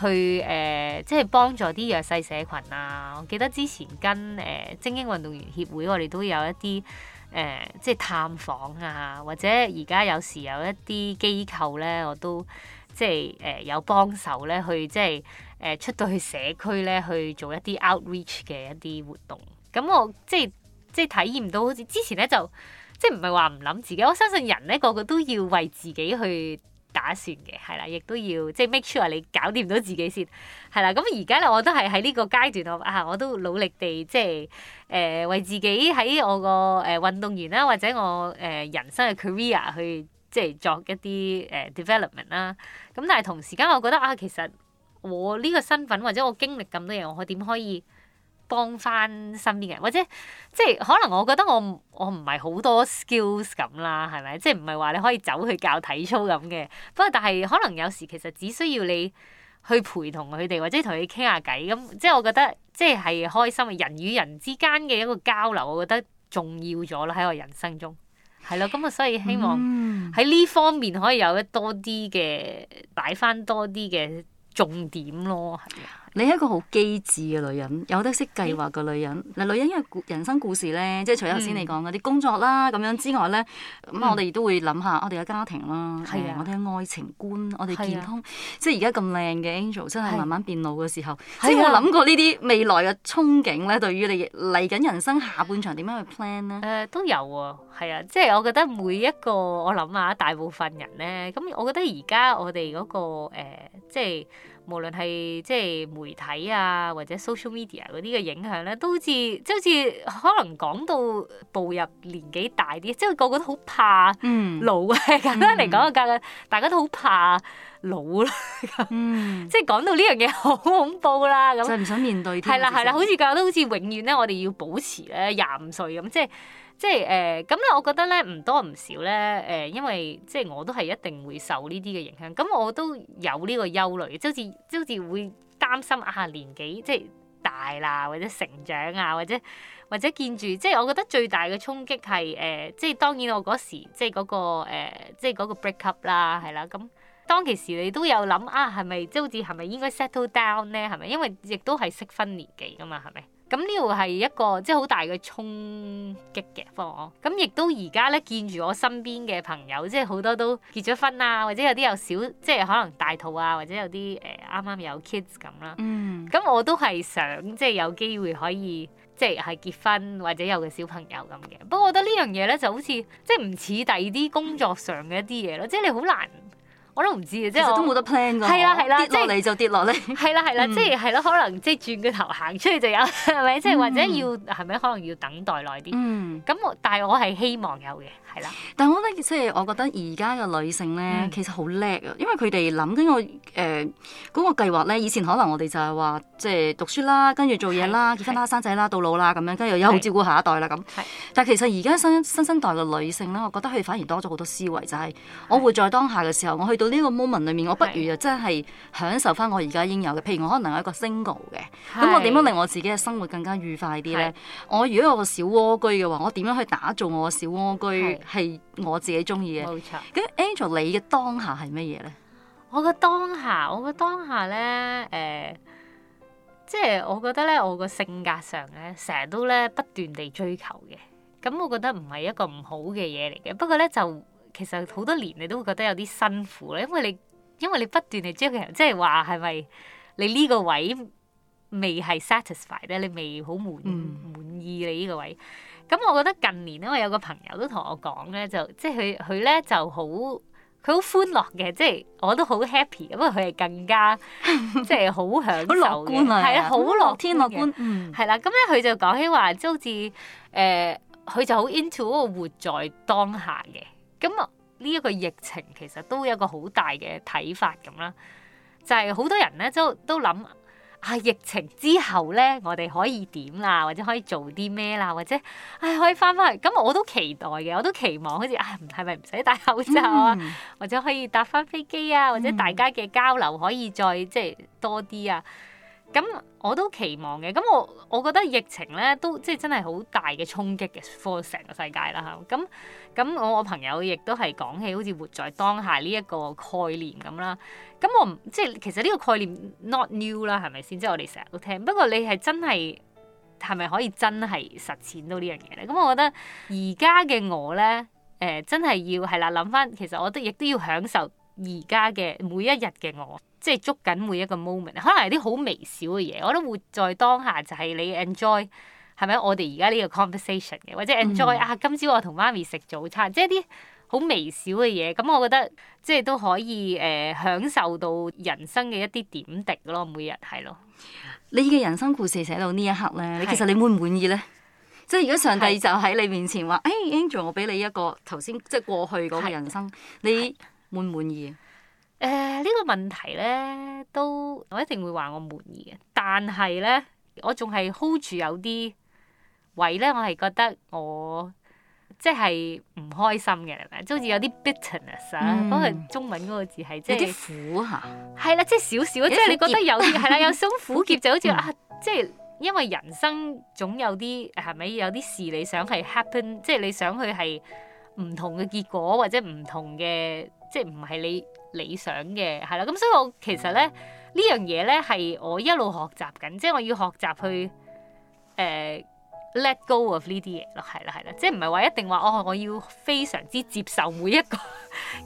去誒、呃，即係幫助啲弱勢社群啊！我記得之前跟誒、呃、精英運動員協會，我哋都有一啲誒、呃，即係探訪啊，或者而家有時有一啲機構咧，我都即係誒、呃、有幫手咧，去即係誒出到去社區咧去做一啲 outreach 嘅一啲活動。咁我即係即係體驗到好似之前咧就即係唔係話唔諗自己，我相信人咧，個個個都要為自己去打算嘅，係啦，亦都要即係 make sure 你搞掂到自己先，係啦。咁而家咧，我都係喺呢個階段，我啊，我都努力地即係誒、呃、為自己喺我個誒、呃、運動員啦，或者我誒、呃、人生嘅 career 去即係作一啲誒、呃、development 啦、啊。咁但係同時間，我覺得啊，其實我呢個身份或者我經歷咁多嘢，我可點可以幫翻身邊嘅人，或者即係可能我覺得我我唔係好多 skills 咁啦，係咪？即係唔係話你可以走去教體操咁嘅，不過但係可能有時其實只需要你去陪同佢哋，或者同佢傾下偈咁。即係我覺得即係係開心嘅人與人之間嘅一個交流，我覺得重要咗咯喺我人生中係咯。咁啊，所以希望喺呢方面可以有得多啲嘅擺翻多啲嘅重點咯，係啊。你係一個好機智嘅女人，有得識計劃嘅女人。嗱，女人嘅人生故事咧，即係除咗頭先你講嗰啲工作啦咁、嗯、樣之外咧，咁、嗯嗯、我哋亦都會諗下我哋嘅家庭啦，誒、啊，我哋嘅愛情觀，我哋健康。啊、即係而家咁靚嘅 Angel，真係慢慢變老嘅時候，啊、即係我諗過呢啲未來嘅憧憬咧？對於你嚟緊人生下半場點樣去 plan 咧？誒、呃，都有喎、啊，係啊，即係我覺得每一個我諗下大部分人咧，咁我覺得而家我哋嗰、那個、呃、即係。無論係即係媒體啊，或者 social media 嗰啲嘅影響咧，都好似即係好似可能講到步入年紀大啲，即係個個都好怕老啊。簡單嚟講嘅架，大家都好怕老啦。嗯，即係講到呢樣嘢好恐怖啦。咁就唔想面對。係啦，係啦，好似覺得好似永遠咧，我哋要保持咧廿五歲咁，即係。即係誒，咁、呃、咧我覺得咧唔多唔少咧誒、呃，因為即係我都係一定會受呢啲嘅影響，咁我都有呢個憂慮，即好似好似會擔心啊年紀即係大啦，或者成長啊，或者或者見住，即係我覺得最大嘅衝擊係誒、呃，即係當然我嗰時即係、嗰、嗰個、呃、即係嗰個 breakup 啦，係啦，咁當其時你都有諗啊，係咪即好似係咪應該 settle down 咧？係咪因為亦都係適婚年紀㗎嘛？係咪？咁呢度係一個即係好大嘅衝擊嘅，方哦。咁亦都而家咧見住我身邊嘅朋友，即係好多都結咗婚啊，或者有啲有小，即係可能大肚啊，或者有啲誒啱啱有 kids 咁啦。嗯，咁我都係想即係有機會可以即係係結婚或者有個小朋友咁嘅。不過我覺得呢樣嘢咧就好似即係唔似第二啲工作上嘅一啲嘢咯，即係你好難。我都唔知嘅，即係我都冇得 plan 㗎嘛，啊啊、跌落嚟就跌落嚟、啊。係啦係啦，啊啊嗯、即係係咯，可能即係轉個頭行出去就有，係 咪？即係或者要係咪、嗯？可能要等待耐啲。咁、嗯、我但係我係希望有嘅。係啦，但我覺得即係我覺得而家嘅女性咧，嗯、其實好叻啊，因為佢哋諗緊我誒嗰、呃那個計劃咧。以前可能我哋就係話即係讀書啦，跟住做嘢啦，是結婚啦，生仔啦，是到老啦咁樣，跟住又好照顧下一代啦咁。是但係其實而家新新生代嘅女性咧，我覺得佢哋反而多咗好多思維，就係、是、我活在當下嘅時候，我去到呢個 moment 裏面，我不如就真係享受返我而家應有嘅。譬如我可能有一個 single 嘅，咁是我點樣令我自己嘅生活更加愉快啲咧？我如果有個小蝸居嘅話，我點樣去打造我嘅小蝸居？係我自己中意嘅。冇錯。咁 Angel，你嘅當下係乜嘢呢？我嘅當下，我嘅當下呢，誒、呃，即係我覺得呢，我個性格上呢，成日都呢不斷地追求嘅。咁我覺得唔係一個唔好嘅嘢嚟嘅。不過呢，就其實好多年你都會覺得有啲辛苦咧，因為你因為你不斷地追求，即係話係咪你呢個位未係 satisfied 咧？你未好滿、嗯、滿意你呢個位？咁、嗯、我覺得近年，因為有個朋友都同我講咧，就即係佢佢咧就好，佢好歡樂嘅、就是，即係我都好 happy。因為佢係更加即係好享受，好 樂觀啊，係啊，好樂，樂天樂觀。嗯，係啦，咁咧佢就講起話，即好似誒，佢、呃、就好 into 嗰個活在當下嘅。咁啊，呢一個疫情其實都有一個好大嘅睇法咁啦，就係、是、好多人咧都都諗。係、啊、疫情之後咧，我哋可以點啦，或者可以做啲咩啦，或者唉、哎、可以翻翻去。咁我都期待嘅，我都期望好似唉係咪唔使戴口罩啊，嗯、或者可以搭翻飛機啊，或者大家嘅交流可以再即係多啲啊。咁我都期望嘅，咁我我覺得疫情咧都即係真係好大嘅衝擊嘅，for 成個世界啦嚇。咁咁我我朋友亦都係講起好似活在當下呢一個概念咁啦。咁我即係其實呢個概念 not new 啦，係咪先？即係我哋成日都聽。不過你係真係係咪可以真係實踐到呢樣嘢咧？咁我覺得而家嘅我咧，誒、呃、真係要係啦，諗翻其實我都亦都要享受而家嘅每一日嘅我。即係捉緊每一個 moment，可能係啲好微小嘅嘢，我都活在當下就，就係你 enjoy 係咪？我哋而家呢個 conversation 嘅，或者 enjoy、嗯、啊，今朝我同媽咪食早餐，即係啲好微小嘅嘢。咁我覺得即係都可以誒、呃、享受到人生嘅一啲點滴咯。每日係咯，你嘅人生故事寫到呢一刻咧，你的其實你滿唔滿意咧？的即係如果上帝就喺你面前話：誒的、hey，Angel，我俾你一個頭先即係過去嗰個人生，你滿唔滿滿意？誒呢、呃呢個問題咧，都我一定會話我滿意嘅。但係咧，我仲係 hold 住有啲位咧，我係覺得我即係唔開心嘅，即好似有啲 bitterness 啊？可能中文嗰個字係即係苦啊係啦，即係少少，即係你覺得有啲係啦，有種苦澀就好似、嗯、啊，即係因為人生總有啲係咪有啲事你想係 happen，即係你想去係唔同嘅結果，或者唔同嘅即係唔係你。理想嘅係啦，咁所以我其實咧呢樣嘢咧係我一路學習緊，即係我要學習去誒、呃、Let go of 呢啲嘢咯，係啦係啦，即係唔係話一定話哦，我要非常之接受每一個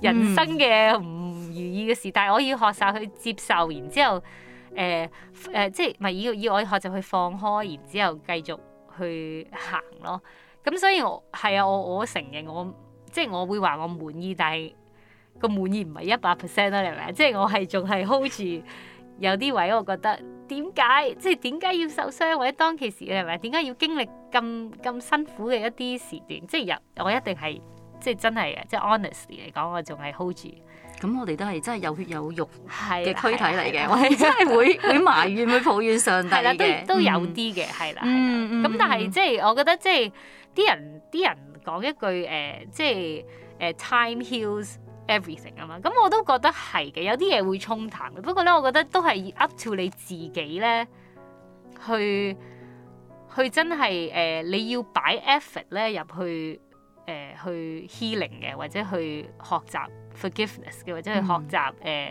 人生嘅唔如意嘅事，嗯、但係我要學習去接受，然之後誒誒、呃呃，即係唔係要要我學習去放開，然之後繼續去行咯。咁所以我係啊，我我承認我即係我會話我滿意，但係，個滿意唔係一百 percent 啦，你係咪？即係我係仲係 hold 住有啲位，我覺得點解？即係點解要受傷，或者當其時你係咪？點解要經歷咁咁辛苦嘅一啲時段？即係入我一定係即係真係即係 honestly 嚟講，我仲係 hold 住。咁我哋都係真係有血有肉嘅軀體嚟嘅，我係 真係會會 埋怨、會抱怨上帝嘅，都都有啲嘅，係啦、嗯。咁但係即係我覺得即係啲人啲人講一句誒、呃，即係誒 time heals。Everything 啊嘛，咁我都覺得係嘅，有啲嘢會沖淡嘅。不過咧，我覺得都係 up to 你自己咧，去去真係誒、呃，你要擺 effort 咧入去誒、呃、去 healing 嘅，或者去學習 forgiveness 嘅，或者去學習誒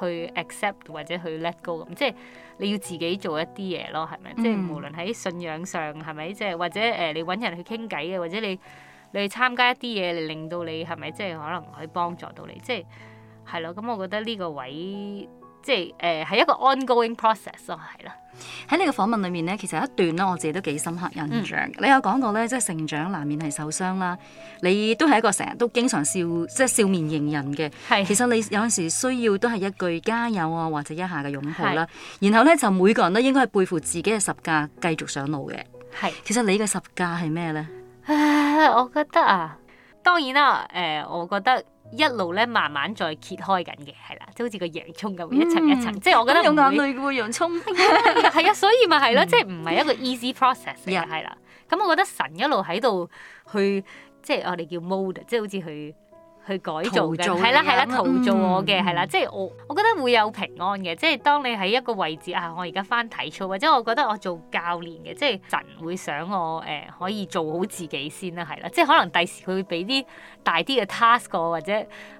去 accept 或者去 let go 噉。即係你要自己做一啲嘢咯，係咪？嗯、即係無論喺信仰上係咪，即係或者誒、呃、你揾人去傾偈嘅，或者你。你參加一啲嘢，令到你係咪即係可能可以幫助到你？即係係咯。咁我覺得呢個位即係誒係一個 ongoing process 咯，係咯。喺呢個訪問裏面咧，其實一段咧我自己都幾深刻印象。嗯、你有講過咧，即係成長難免係受傷啦。你都係一個成日都經常笑，即係笑面迎人嘅。係。其實你有陣時需要都係一句加油啊，或者一下嘅擁抱啦。係。然後咧就每個人都應該係背負自己嘅十架繼續上路嘅。係。係。其實你嘅十架係咩咧？唉，我覺得啊，當然啦，誒、呃，我覺得一路咧慢慢再揭開緊嘅，係啦，即係好似個洋葱咁，一層一層，嗯、即係我覺得有眼淚嘅喎，洋葱，係 啊， 所以咪係咯，嗯、即係唔係一個 easy process 嚟嘅，係啦 Yeah.，咁我覺得神一路喺度去，即係我哋叫 mould，即係好似去。去改造做，係啦，係啦的，的陶造我嘅，係啦、嗯，即係我，我覺得會有平安嘅，即係當你喺一個位置啊，我而家返體操，或者我覺得我做教練嘅，即係神會想我誒可以做好自己先啦，係啦，即係可能第時佢會俾啲大啲嘅 task 我，或者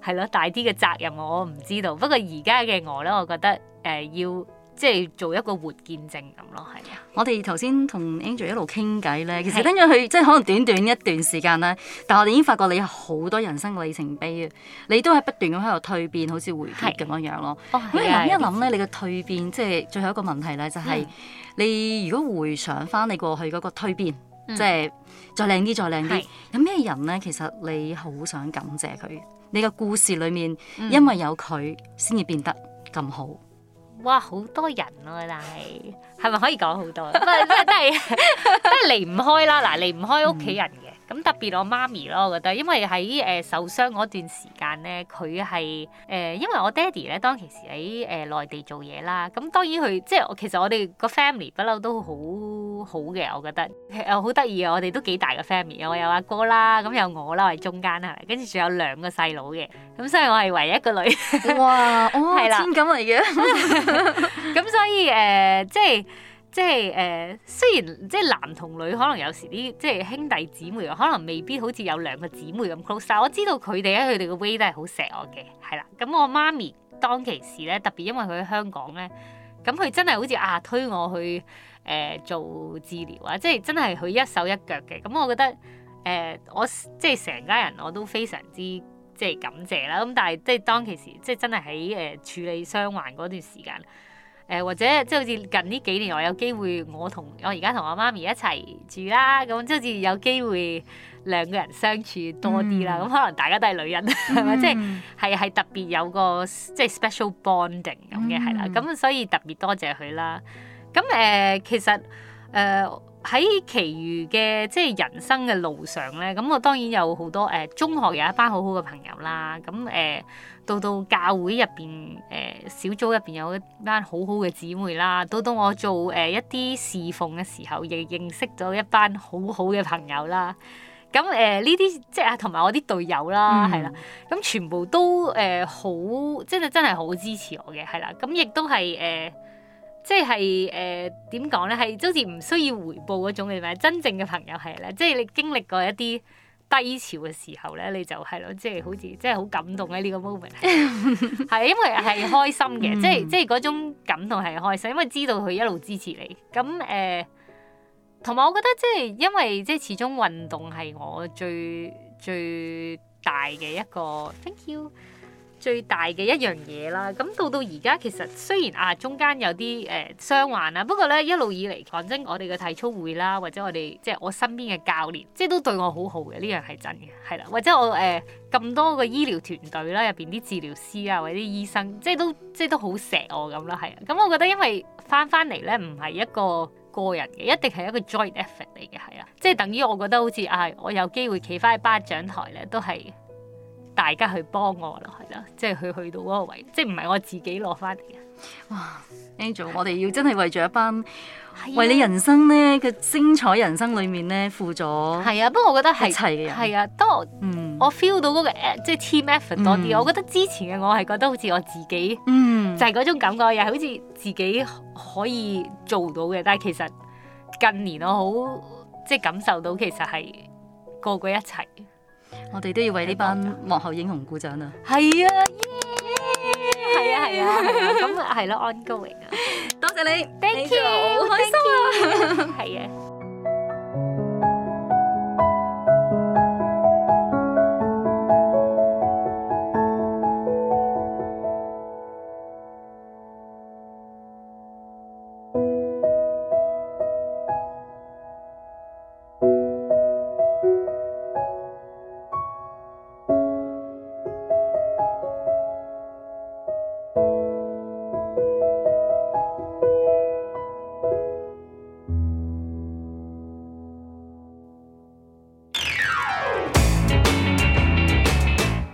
係咯大啲嘅責任我，我唔知道。不過而家嘅我咧，我覺得誒要。即係做一個活見證咁咯，係啊！我哋頭先同 Angel 一路傾偈咧，其實跟住佢即係可能短短一段時間咧，但我哋已經發覺你有好多人生嘅里程碑啊！你都係不斷咁喺度蛻變，好似回憶咁樣樣咯。咁、哦、你諗一諗咧，你嘅蛻變即係最後一個問題咧、就是，就係、嗯、你如果回想翻你過去嗰個蛻變，嗯、即係再靚啲，再靚啲，有咩的人咧？其實你好想感謝佢，你嘅故事裡面、嗯、因為有佢先至變得咁好。哇，好多人咯、啊，但係係咪可以講好多？唔係， 都係都係離唔開啦，嗱，離唔開屋企人。嗯咁特別我媽咪咯、呃呃呃嗯，我覺得，因為喺誒受傷嗰段時間咧，佢係誒，因為我爹哋咧當其時喺誒內地做嘢啦，咁當然佢即係，我其實我哋個 family 不嬲都好好嘅，我覺得，好得意啊，我哋都幾大個 family，我有阿哥，哥啦，咁有我啦，我係中間係，跟住仲有兩個細佬嘅，咁所以我係唯一,一個女，哇，係、哦、啦，千金嚟嘅，咁錦 所以誒、呃，即係。即係誒、呃，雖然即係男同女可能有時啲即係兄弟姊妹可能未必好似有兩個姊妹咁 close。但我知道佢哋咧，佢哋嘅 way 都係好錫我嘅，係啦。咁我媽咪當其時咧，特別因為佢喺香港咧，咁佢真係好似啊推我去誒、呃、做治療啊，即係真係佢一手一腳嘅。咁我覺得誒、呃，我即係成家人我都非常之即係感謝啦。咁但係即係當其時，即係真係喺誒處理傷患嗰段時間。誒或者即係好似近呢幾年我有機會我同我而家同我媽咪一齊住啦，咁即好似有機會兩個人相處多啲啦，咁、嗯、可能大家都係女人，係咪即係係係特別有個即係 special bonding 咁嘅係啦，咁所以特別多謝佢啦。咁誒、呃、其實誒喺、呃、其餘嘅即係人生嘅路上咧，咁我當然有好多誒、呃、中學有一班好好嘅朋友啦，咁誒。呃到到教會入邊，誒、呃、小組入邊有一班好好嘅姊妹啦。到到我做誒、呃、一啲侍奉嘅時候，亦認識咗一班好好嘅朋友啦。咁誒呢啲即係啊，同埋我啲隊友啦，係、嗯、啦。咁全部都誒、呃、好，即係真係好支持我嘅，係啦。咁亦都係誒、呃，即係誒點講咧？係、呃呃、好似唔需要回報嗰種嘅咩？真正嘅朋友係啦，即係你經歷過一啲。低潮嘅時候咧，你就係、是、咯，即係好似即係好感動喺呢個 moment，係因為係開心嘅，即係即係嗰種感動係開心，因為知道佢一路支持你。咁誒，同、呃、埋我覺得即係因為即係始終運動係我最最大嘅一個 thank you。最大嘅一樣嘢啦，咁到到而家其實雖然啊中間有啲誒、呃、傷患啦，不過咧一路以嚟，講真我哋嘅體操會啦，或者我哋即係我身邊嘅教練，即係都對我好好嘅，呢樣係真嘅，係啦，或者我誒咁、呃、多個醫療團隊啦，入邊啲治療師啊或者醫生，即係都即係都好錫我咁啦，係啊，咁、嗯、我覺得因為翻翻嚟咧唔係一個個人嘅，一定係一個 joint effort 嚟嘅，係啊，即係等於我覺得好似啊，我有機會企翻喺頒獎台咧，都係。大家去幫我咯，係啦，即係去去到嗰個位，即係唔係我自己攞翻嚟嘅。哇，Angel，我哋要真係為咗一班為你人生咧嘅精彩、啊、人生裏面咧負咗，係啊，不過我覺得係一齊嘅人，係啊，多我、嗯、我 feel 到嗰、嗰個即係 team effort 多啲。嗯、我覺得之前嘅我係覺得好似我自己，嗯、就係嗰種感覺，又係好似自己可以做到嘅，但係其實近年我好即係感受到其實係個個一齊。 我哋都要為呢班 幕後英雄鼓掌啊！係啊，係啊，係啊，咁係咯，ongoing 啊！多謝，謝你，thank you，好開心啊，係謝 啊！